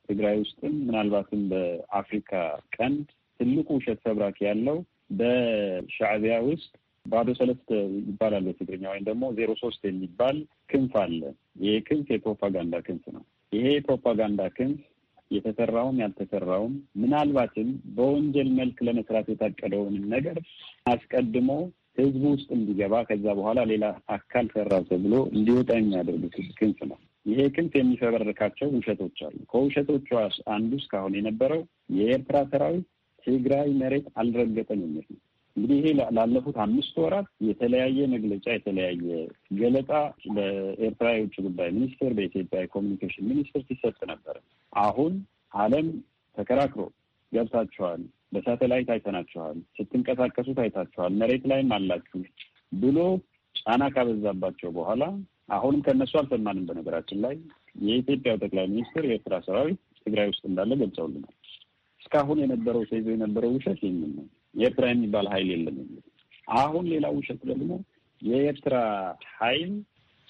ትግራይ ውስጥም ምናልባትም በአፍሪካ ቀንድ ትልቁ ውሸት ፈብራኪ ያለው በሻዕቢያ ውስጥ ባዶ ሰለስተ ይባላል በትግርኛ ወይም ደግሞ ዜሮ ሶስት የሚባል ክንፍ አለ። ይሄ ክንፍ የፕሮፓጋንዳ ክንፍ ነው። ይሄ የፕሮፓጋንዳ ክንፍ የተሰራውም ያልተሰራውም ምናልባትም በወንጀል መልክ ለመስራት የታቀደውንም ነገር አስቀድሞ ህዝቡ ውስጥ እንዲገባ ከዛ በኋላ ሌላ አካል ሰራ ተብሎ እንዲወጣ የሚያደርግ ክንፍ ነው። ይሄ ክንፍ የሚፈበርካቸው ውሸቶች አሉ። ከውሸቶቹ አንዱ እስካሁን የነበረው የኤርትራ ሰራዊት ትግራይ መሬት አልረገጠም የሚል ነው። እንግዲህ ይሄ ላለፉት አምስት ወራት የተለያየ መግለጫ የተለያየ ገለጻ በኤርትራ የውጭ ጉዳይ ሚኒስቴር በኢትዮጵያ የኮሚኒኬሽን ሚኒስቴር ሲሰጥ ነበር። አሁን ዓለም ተከራክሮ ገብታችኋል በሳተላይት አይተናችኋል፣ ስትንቀሳቀሱ ታይታችኋል፣ መሬት ላይም አላችሁ ብሎ ጫና ካበዛባቸው በኋላ አሁንም ከእነሱ አልሰማንም። በነገራችን ላይ የኢትዮጵያው ጠቅላይ ሚኒስትር የኤርትራ ሰራዊት ትግራይ ውስጥ እንዳለ ገልጸውልናል። እስካሁን የነበረው ተይዞ የነበረው ውሸት ይህን ነው። የኤርትራ የሚባል ኃይል የለም አሁን ሌላ ውሸት ደግሞ የኤርትራ ኃይል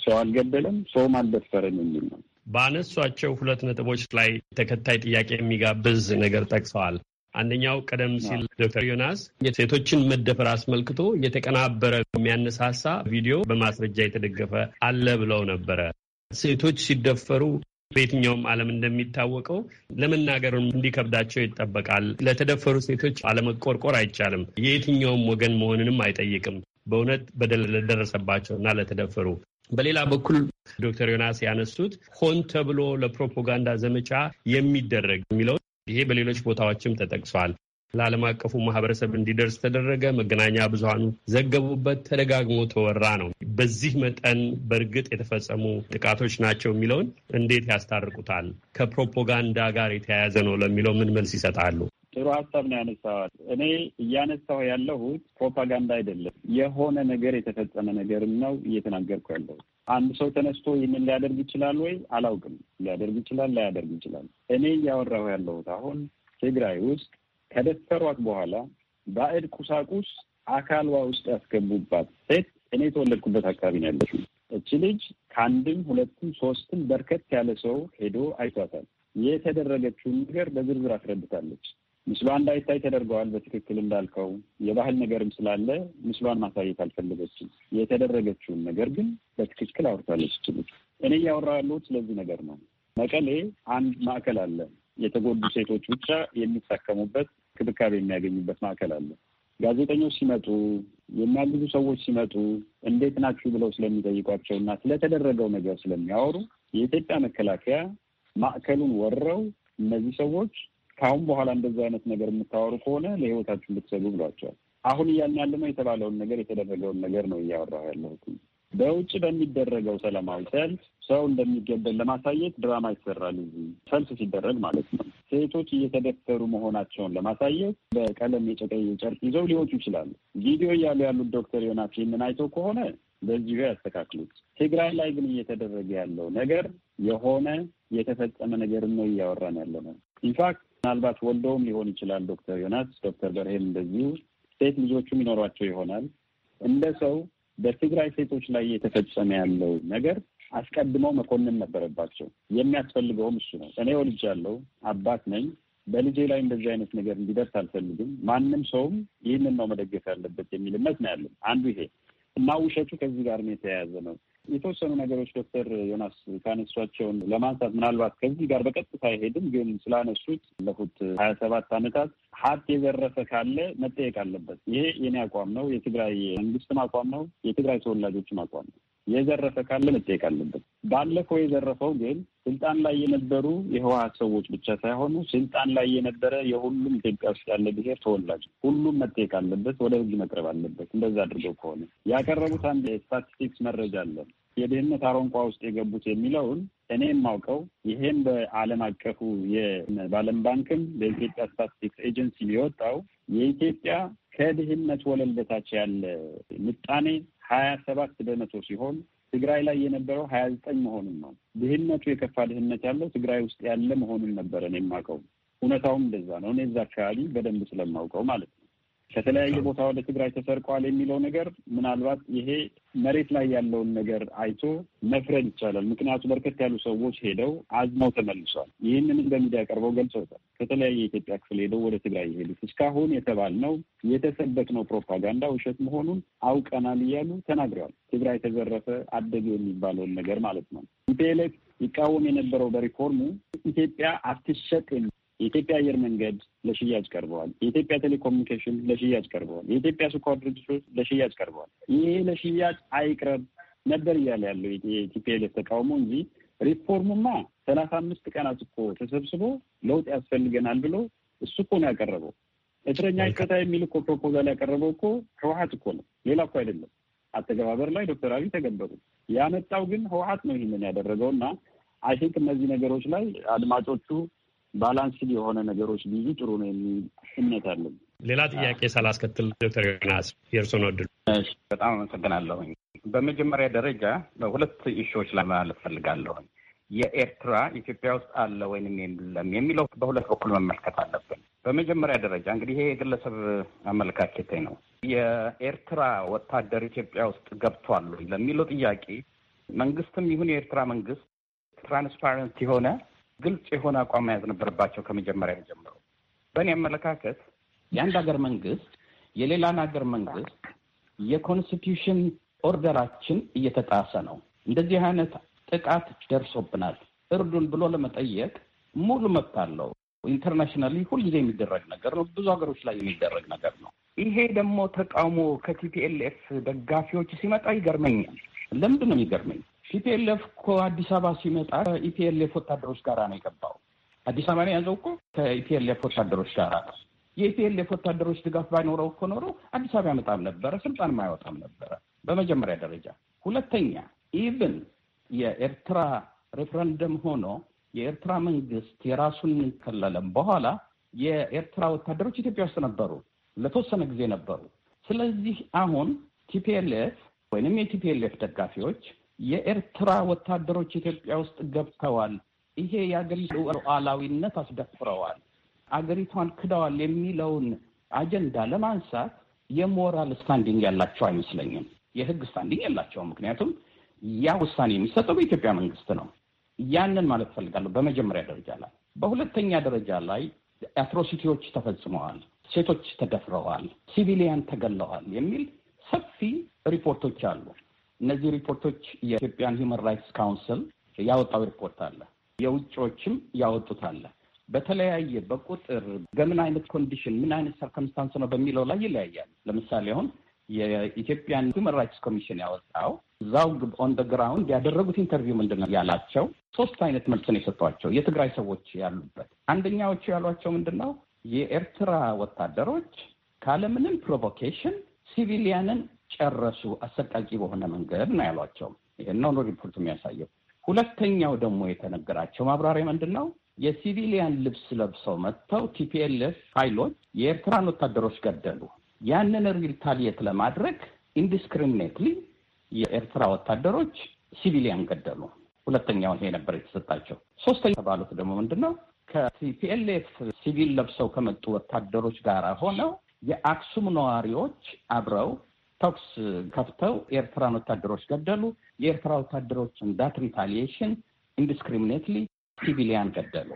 ሰው አልገደለም፣ ሰውም አልደፈረም የሚል ነው። በአነሷቸው ሁለት ነጥቦች ላይ ተከታይ ጥያቄ የሚጋብዝ ነገር ጠቅሰዋል። አንደኛው ቀደም ሲል ዶክተር ዮናስ የሴቶችን መደፈር አስመልክቶ የተቀናበረ የሚያነሳሳ ቪዲዮ በማስረጃ የተደገፈ አለ ብለው ነበረ። ሴቶች ሲደፈሩ በየትኛውም ዓለም እንደሚታወቀው ለመናገር እንዲከብዳቸው ይጠበቃል። ለተደፈሩ ሴቶች አለመቆርቆር አይቻልም። የየትኛውም ወገን መሆንንም አይጠይቅም። በእውነት በደል እና ለተደፈሩ በሌላ በኩል ዶክተር ዮናስ ያነሱት ሆን ተብሎ ለፕሮፓጋንዳ ዘመቻ የሚደረግ የሚለው ይሄ በሌሎች ቦታዎችም ተጠቅሷል። ለዓለም አቀፉ ማህበረሰብ እንዲደርስ ተደረገ። መገናኛ ብዙሃኑ ዘገቡበት፣ ተደጋግሞ ተወራ ነው። በዚህ መጠን በእርግጥ የተፈጸሙ ጥቃቶች ናቸው የሚለውን እንዴት ያስታርቁታል? ከፕሮፓጋንዳ ጋር የተያያዘ ነው ለሚለው ምን መልስ ይሰጣሉ? ጥሩ ሀሳብ ነው ያነሳዋል። እኔ እያነሳው ያለሁት ፕሮፓጋንዳ አይደለም። የሆነ ነገር የተፈጸመ ነገርም ነው እየተናገርኩ ያለሁት አንድ ሰው ተነስቶ ይህንን ሊያደርግ ይችላል ወይ አላውቅም። ሊያደርግ ይችላል፣ ላያደርግ ይችላል። እኔ እያወራሁ ያለሁት አሁን ትግራይ ውስጥ ከደፈሯት በኋላ ባዕድ ቁሳቁስ አካልዋ ውስጥ ያስገቡባት ሴት እኔ የተወለድኩበት አካባቢ ነው ያለች። እቺ ልጅ ከአንድም ሁለትም ሶስትም በርከት ያለ ሰው ሄዶ አይቷታል። የተደረገችውን ነገር በዝርዝር አስረድታለች። ምስሏ እንዳይታይ ተደርገዋል። በትክክል እንዳልከው የባህል ነገርም ስላለ ምስሏን ማሳየት አልፈለገችም። የተደረገችውን ነገር ግን በትክክል አውርታለች። ችል እኔ እያወራ ያለሁት ስለዚህ ነገር ነው። መቀሌ አንድ ማዕከል አለ። የተጎዱ ሴቶች ብቻ የሚታከሙበት ክብካቤ የሚያገኙበት ማዕከል አለ። ጋዜጠኞች ሲመጡ፣ የሚያግዙ ሰዎች ሲመጡ እንዴት ናችሁ ብለው ስለሚጠይቋቸው እና ስለተደረገው ነገር ስለሚያወሩ የኢትዮጵያ መከላከያ ማዕከሉን ወርረው እነዚህ ሰዎች ከአሁን በኋላ እንደዛ አይነት ነገር የምታወሩ ከሆነ ለህይወታችሁ እንድትሰጉ ብሏቸዋል። አሁን እያልን ያለነው የተባለውን ነገር የተደረገውን ነገር ነው እያወራሁ ያለሁት። በውጭ በሚደረገው ሰላማዊ ሰልፍ ሰው እንደሚገደል ለማሳየት ድራማ ይሰራል። እዚህ ሰልፍ ሲደረግ ማለት ነው። ሴቶች እየተደፈሩ መሆናቸውን ለማሳየት በቀለም የጨቀየ ጨርቅ ይዘው ሊወጡ ይችላሉ። ቪዲዮ እያሉ ያሉት ዶክተር ዮናስ ይህንን አይተው ከሆነ በዚሁ ያስተካክሉት። ትግራይ ላይ ግን እየተደረገ ያለው ነገር የሆነ የተፈጸመ ነገርን ነው እያወራን ያለ ነው። ኢንፋክት ምናልባት ወልደውም ሊሆን ይችላል። ዶክተር ዮናስ ዶክተር በርሄል እንደዚሁ ሴት ልጆቹም ይኖሯቸው ይሆናል። እንደ ሰው በትግራይ ሴቶች ላይ እየተፈጸመ ያለው ነገር አስቀድመው መኮንን ነበረባቸው። የሚያስፈልገውም እሱ ነው። እኔ ወልጃለሁ፣ አባት ነኝ። በልጄ ላይ እንደዚህ አይነት ነገር እንዲደርስ አልፈልግም። ማንም ሰውም ይህንን ነው መደገፍ ያለበት የሚል እምነት ነው ያለን። አንዱ ይሄ እና ውሸቱ ከዚህ ጋር ነው የተያያዘ ነው። የተወሰኑ ነገሮች ዶክተር ዮናስ ካነሷቸውን ለማንሳት ምናልባት ከዚህ ጋር በቀጥታ አይሄድም፣ ግን ስላነሱት ያለፉት ሀያ ሰባት ዓመታት ሀብት የዘረፈ ካለ መጠየቅ አለበት። ይሄ የኔ አቋም ነው። የትግራይ መንግስትም አቋም ነው። የትግራይ ተወላጆችም አቋም ነው። የዘረፈ ካለ መጠየቅ አለበት። ባለፈው የዘረፈው ግን ስልጣን ላይ የነበሩ የህወሀት ሰዎች ብቻ ሳይሆኑ ስልጣን ላይ የነበረ የሁሉም ኢትዮጵያ ውስጥ ያለ ብሔር ተወላጅ ሁሉም መጠየቅ አለበት፣ ወደ ህግ መቅረብ አለበት። እንደዛ አድርገው ከሆነ ያቀረቡት አንድ የስታቲስቲክስ መረጃ አለ። የድህነት አሮንቋ ውስጥ የገቡት የሚለውን እኔ የማውቀው ይሄም በዓለም አቀፉ በዓለም ባንክም በኢትዮጵያ ስታቲስቲክስ ኤጀንሲ የወጣው የኢትዮጵያ ከድህነት ወለል በታች ያለ ምጣኔ ሀያ ሰባት በመቶ ሲሆን ትግራይ ላይ የነበረው ሀያ ዘጠኝ መሆኑን ነው። ድህነቱ የከፋ ድህነት ያለው ትግራይ ውስጥ ያለ መሆኑን ነበረ ነው የማውቀው። እውነታውም እንደዛ ነው። እኔ እዛ አካባቢ በደንብ ስለማውቀው ማለት ነው። ከተለያየ ቦታ ወደ ትግራይ ተሰርቀዋል የሚለው ነገር ምናልባት ይሄ መሬት ላይ ያለውን ነገር አይቶ መፍረድ ይቻላል። ምክንያቱ በርከት ያሉ ሰዎች ሄደው አዝመው ተመልሷል። ይህንንም በሚዲያ ቀርበው ገልጸውታል። ከተለያየ የኢትዮጵያ ክፍል ሄደው ወደ ትግራይ የሄዱት እስካሁን የተባልነው የተሰበክነው ፕሮፓጋንዳ ውሸት መሆኑን አውቀናል እያሉ ተናግረዋል። ትግራይ ተዘረፈ አደገ የሚባለውን ነገር ማለት ነው። ኢፔሌክ ይቃወም የነበረው በሪፎርሙ ኢትዮጵያ አትሸጥ የኢትዮጵያ አየር መንገድ ለሽያጭ ቀርበዋል። የኢትዮጵያ ቴሌኮሙኒኬሽን ለሽያጭ ቀርበዋል። የኢትዮጵያ ስኳር ድርጅቶች ለሽያጭ ቀርበዋል። ይህ ለሽያጭ አይቅረብ ነበር እያለ ያለው የኢትዮጵያ ተቃውሞ እንጂ ሪፎርሙማ ሰላሳ አምስት ቀናት እኮ ተሰብስቦ ለውጥ ያስፈልገናል ብሎ እሱ እኮ ነው ያቀረበው። እስረኛ ይፈታ የሚል እኮ ፕሮፖዛል ያቀረበው እኮ ህወሀት እኮ ነው፣ ሌላ እኮ አይደለም። አተገባበር ላይ ዶክተር አብይ ተገበሩ። ያመጣው ግን ህወሀት ነው ይህንን ያደረገው እና አይ ቲንክ እነዚህ ነገሮች ላይ አድማጮቹ ባላንስ የሆነ ነገሮች ቢይዙ ጥሩ ነው የሚል እምነት አለን። ሌላ ጥያቄ ሳላስከትል ዶክተር ዮናስ የእርስዎን እድሉ። በጣም አመሰግናለሁኝ። በመጀመሪያ ደረጃ በሁለት ኢሹዎች ላይ ማለት ፈልጋለሁኝ። የኤርትራ ኢትዮጵያ ውስጥ አለ ወይንም የለም የሚለው በሁለት በኩል መመልከት አለብን። በመጀመሪያ ደረጃ እንግዲህ ይሄ የግለሰብ አመለካከቴ ነው። የኤርትራ ወታደር ኢትዮጵያ ውስጥ ገብቷል ለሚለው ጥያቄ መንግስትም ይሁን የኤርትራ መንግስት ትራንስፓረንት የሆነ ግልጽ የሆነ አቋም መያዝ ነበረባቸው ከመጀመሪያ ጀምሮ። በእኔ አመለካከት የአንድ ሀገር መንግስት የሌላን ሀገር መንግስት የኮንስቲቱሽን ኦርደራችን እየተጣሰ ነው፣ እንደዚህ አይነት ጥቃት ደርሶብናል፣ እርዱን ብሎ ለመጠየቅ ሙሉ መብት አለው። ኢንተርናሽናሊ ሁልጊዜ የሚደረግ ነገር ነው። ብዙ ሀገሮች ላይ የሚደረግ ነገር ነው። ይሄ ደግሞ ተቃውሞ ከቲፒኤልኤፍ ደጋፊዎች ሲመጣ ይገርመኛል። ለምንድን ነው የሚገርመኝ? ቲፒኤልኤፍ እኮ አዲስ አበባ ሲመጣ ከኢፒኤልኤፍ ወታደሮች ጋር ነው የገባው። አዲስ አበባ ነው የያዘው እኮ ከኢፒኤልኤፍ ወታደሮች ጋር ነው። የኢፒኤልኤፍ ወታደሮች ድጋፍ ባይኖረው እኮ ኖሮ አዲስ አበባ ያመጣም ነበረ፣ ስልጣንም አያወጣም ነበረ። በመጀመሪያ ደረጃ ሁለተኛ፣ ኢቭን የኤርትራ ሬፍረንደም ሆኖ የኤርትራ መንግስት የራሱን ከለለም በኋላ የኤርትራ ወታደሮች ኢትዮጵያ ውስጥ ነበሩ፣ ለተወሰነ ጊዜ ነበሩ። ስለዚህ አሁን ቲፒኤልኤፍ ወይንም የቲፒኤልኤፍ ደጋፊዎች የኤርትራ ወታደሮች ኢትዮጵያ ውስጥ ገብተዋል፣ ይሄ የአገሪቱ ሉዓላዊነት አስደፍረዋል፣ አገሪቷን ክደዋል የሚለውን አጀንዳ ለማንሳት የሞራል ስታንዲንግ ያላቸው አይመስለኝም። የህግ ስታንዲንግ ያላቸው ምክንያቱም ያ ውሳኔ የሚሰጠው በኢትዮጵያ መንግስት ነው። ያንን ማለት እፈልጋለሁ በመጀመሪያ ደረጃ ላይ። በሁለተኛ ደረጃ ላይ አትሮሲቲዎች ተፈጽመዋል፣ ሴቶች ተደፍረዋል፣ ሲቪሊያን ተገለዋል የሚል ሰፊ ሪፖርቶች አሉ። እነዚህ ሪፖርቶች የኢትዮጵያን ሂውማን ራይትስ ካውንስል ያወጣው ሪፖርት አለ፣ የውጮችም ያወጡት አለ። በተለያየ በቁጥር በምን አይነት ኮንዲሽን ምን አይነት ሰርከምስታንስ ነው በሚለው ላይ ይለያያል። ለምሳሌ አሁን የኢትዮጵያን ሁመን ራይትስ ኮሚሽን ያወጣው እዛው ኦን ደ ግራውንድ ያደረጉት ኢንተርቪው ምንድን ነው ያላቸው፣ ሶስት አይነት መልስ ነው የሰጧቸው የትግራይ ሰዎች ያሉበት። አንደኛዎቹ ያሏቸው ምንድን ነው የኤርትራ ወታደሮች ካለምንም ፕሮቮኬሽን ሲቪሊያንን ጨረሱ፣ አሰቃቂ በሆነ መንገድ ነው ያሏቸው። ይህን ነው ሪፖርቱ የሚያሳየው። ሁለተኛው ደግሞ የተነገራቸው ማብራሪያ ምንድን ነው? የሲቪሊያን ልብስ ለብሰው መጥተው ቲፒኤልኤፍ ኃይሎች የኤርትራን ወታደሮች ገደሉ። ያንን ሪልታሊየት ለማድረግ ኢንዲስክሪሚኔትሊ የኤርትራ ወታደሮች ሲቪሊያን ገደሉ። ሁለተኛው ይሄ ነበር የተሰጣቸው። ሶስተኛ የተባሉት ደግሞ ምንድን ነው? ከቲፒኤልኤፍ ሲቪል ለብሰው ከመጡ ወታደሮች ጋር ሆነው የአክሱም ነዋሪዎች አብረው ተኩስ ከፍተው ኤርትራን ወታደሮች ገደሉ። የኤርትራ ወታደሮችን ዳት ሪታሊዬሽን ኢንዲስክሪሚኔትሊ ሲቪሊያን ገደሉ።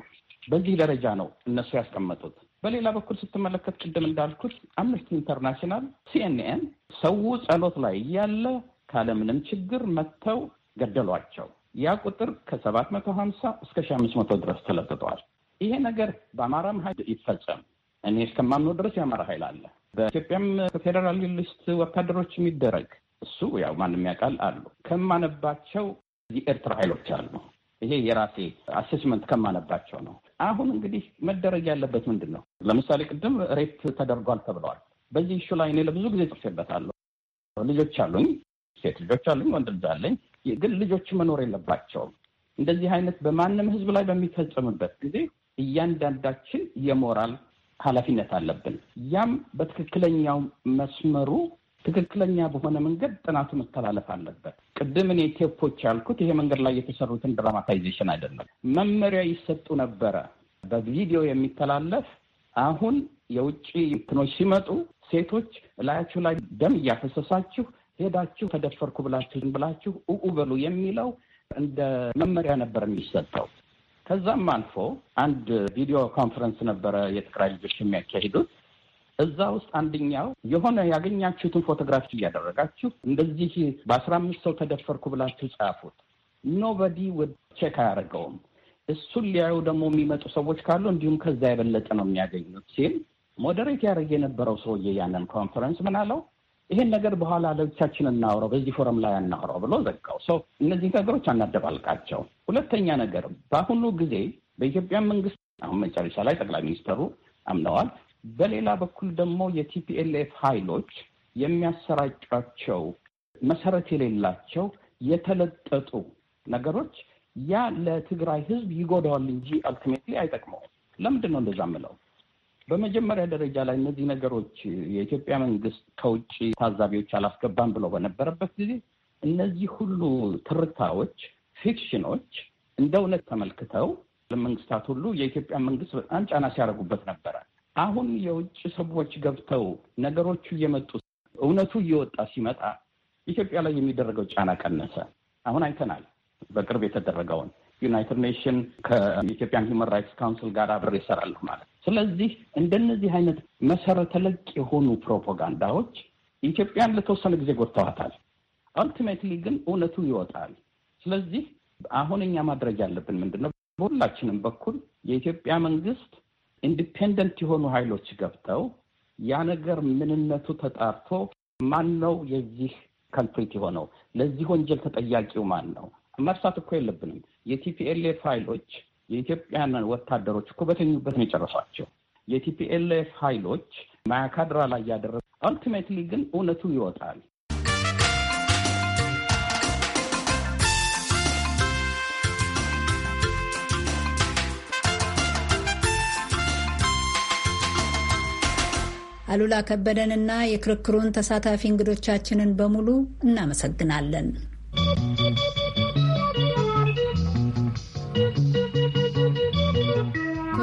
በዚህ ደረጃ ነው እነሱ ያስቀመጡት። በሌላ በኩል ስትመለከት ቅድም እንዳልኩት አምነስቲ ኢንተርናሽናል፣ ሲኤንኤን ሰው ጸሎት ላይ እያለ ካለምንም ችግር መጥተው ገደሏቸው። ያ ቁጥር ከሰባት መቶ ሀምሳ እስከ ሺ አምስት መቶ ድረስ ተለጥጧል። ይሄ ነገር በአማራም ሀይል ይፈጸም እኔ እስከማምነው ድረስ የአማራ ሀይል አለ በኢትዮጵያም ከፌዴራሊስት ወታደሮች የሚደረግ እሱ ያው ማንም ያውቃል አሉ። ከማነባቸው የኤርትራ ኃይሎች አሉ። ይሄ የራሴ አሴስመንት ከማነባቸው ነው። አሁን እንግዲህ መደረግ ያለበት ምንድን ነው? ለምሳሌ ቅድም ሬፕ ተደርጓል ተብለዋል። በዚህ እሹ ላይ እኔ ለብዙ ጊዜ ጽፌበታለሁ። ልጆች አሉኝ፣ ሴት ልጆች አሉኝ፣ ወንድ ልጅ አለኝ። ግን ልጆች መኖር የለባቸውም። እንደዚህ አይነት በማንም ህዝብ ላይ በሚፈጸምበት ጊዜ እያንዳንዳችን የሞራል ኃላፊነት አለብን። ያም በትክክለኛው መስመሩ ትክክለኛ በሆነ መንገድ ጥናቱ መተላለፍ አለበት። ቅድም እኔ ቴፖች ያልኩት ይሄ መንገድ ላይ የተሰሩትን ድራማታይዜሽን አይደለም። መመሪያ ይሰጡ ነበረ በቪዲዮ የሚተላለፍ አሁን የውጭ እንትኖች ሲመጡ ሴቶች ላያችሁ ላይ ደም እያፈሰሳችሁ ሄዳችሁ ተደፈርኩ ብላችሁ ብላችሁ እቁ በሉ የሚለው እንደ መመሪያ ነበር የሚሰጠው። ከዛም አልፎ አንድ ቪዲዮ ኮንፈረንስ ነበረ የትግራይ ልጆች የሚያካሂዱት። እዛ ውስጥ አንደኛው የሆነ ያገኛችሁትን ፎቶግራፊ እያደረጋችሁ እንደዚህ በአስራ አምስት ሰው ተደፈርኩ ብላችሁ ጻፉት። ኖበዲ ወድ ቼክ አያደርገውም። እሱን ሊያዩ ደግሞ የሚመጡ ሰዎች ካሉ እንዲሁም ከዛ የበለጠ ነው የሚያገኙት ሲል ሞዴሬት ያደረግ የነበረው ሰውዬ ያንን ኮንፈረንስ ምን አለው ይሄን ነገር በኋላ ለብቻችን እናውረው፣ በዚህ ፎረም ላይ አናውረው ብሎ ዘጋው። ሰው እነዚህ ነገሮች አናደባልቃቸው። ሁለተኛ ነገር በአሁኑ ጊዜ በኢትዮጵያ መንግስት አሁን መጨረሻ ላይ ጠቅላይ ሚኒስትሩ አምነዋል። በሌላ በኩል ደግሞ የቲፒኤልኤፍ ኃይሎች የሚያሰራጫቸው መሰረት የሌላቸው የተለጠጡ ነገሮች ያ ለትግራይ ህዝብ ይጎዳዋል እንጂ አልቲሜትሊ አይጠቅመውም። ለምንድን ነው እንደዛ ምለው? በመጀመሪያ ደረጃ ላይ እነዚህ ነገሮች የኢትዮጵያ መንግስት ከውጭ ታዛቢዎች አላስገባም ብለው በነበረበት ጊዜ እነዚህ ሁሉ ትርታዎች፣ ፊክሽኖች እንደ እውነት ተመልክተው መንግስታት ሁሉ የኢትዮጵያ መንግስት በጣም ጫና ሲያደርጉበት ነበረ። አሁን የውጭ ሰዎች ገብተው ነገሮቹ እየመጡ እውነቱ እየወጣ ሲመጣ ኢትዮጵያ ላይ የሚደረገው ጫና ቀነሰ። አሁን አይተናል በቅርብ የተደረገውን ዩናይትድ ኔሽን ከኢትዮጵያን ሂውማን ራይትስ ካውንስል ጋር አብሬ ይሰራሉ ማለት ነው። ስለዚህ እንደነዚህ አይነት መሰረተ ለቅ የሆኑ ፕሮፓጋንዳዎች ኢትዮጵያን ለተወሰነ ጊዜ ጎድተዋታል። አልቲሜትሊ ግን እውነቱ ይወጣል። ስለዚህ አሁን እኛ ማድረግ ያለብን ምንድን ነው? በሁላችንም በኩል የኢትዮጵያ መንግስት ኢንዲፔንደንት የሆኑ ኃይሎች ገብተው ያ ነገር ምንነቱ ተጣርቶ ማን ነው የዚህ ከልፕሪት የሆነው ለዚህ ወንጀል ተጠያቂው ማን ነው መርሳት እኮ የለብንም የቲፒኤልኤፍ ኃይሎች የኢትዮጵያን ወታደሮች እኮ በተኙበት ነው የጨረሷቸው። የቲፒኤልኤፍ ኃይሎች ማያካድራ ላይ ያደረጉ አልቲሜትሊ ግን እውነቱ ይወጣል። አሉላ ከበደንና የክርክሩን ተሳታፊ እንግዶቻችንን በሙሉ እናመሰግናለን።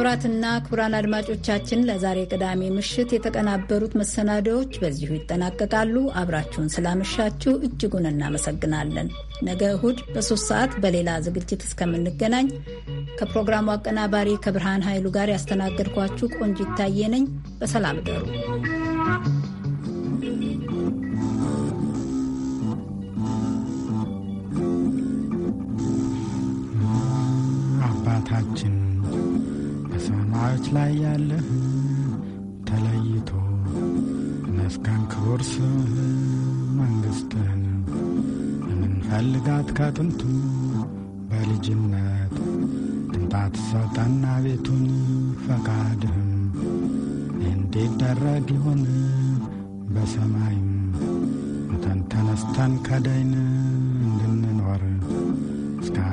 ክቡራትና ክቡራን አድማጮቻችን ለዛሬ ቅዳሜ ምሽት የተቀናበሩት መሰናዶዎች በዚሁ ይጠናቀቃሉ። አብራችሁን ስላመሻችሁ እጅጉን እናመሰግናለን። ነገ እሁድ በሶስት ሰዓት በሌላ ዝግጅት እስከምንገናኝ ከፕሮግራሙ አቀናባሪ ከብርሃን ኃይሉ ጋር ያስተናገድኳችሁ ቆንጆ ይታየ ነኝ። በሰላም ደሩ። አባታችን ሰማዮች ላይ ያለህ ተለይቶ መስከን ክቡር ስምህ መንግሥትህን የምንፈልጋት ከጥንቱ በልጅነት ጥንጣት ሰጠና ቤቱን ፈቃድህም እንዲደረግ ይሁን በሰማይም ተነስተን ከዳይን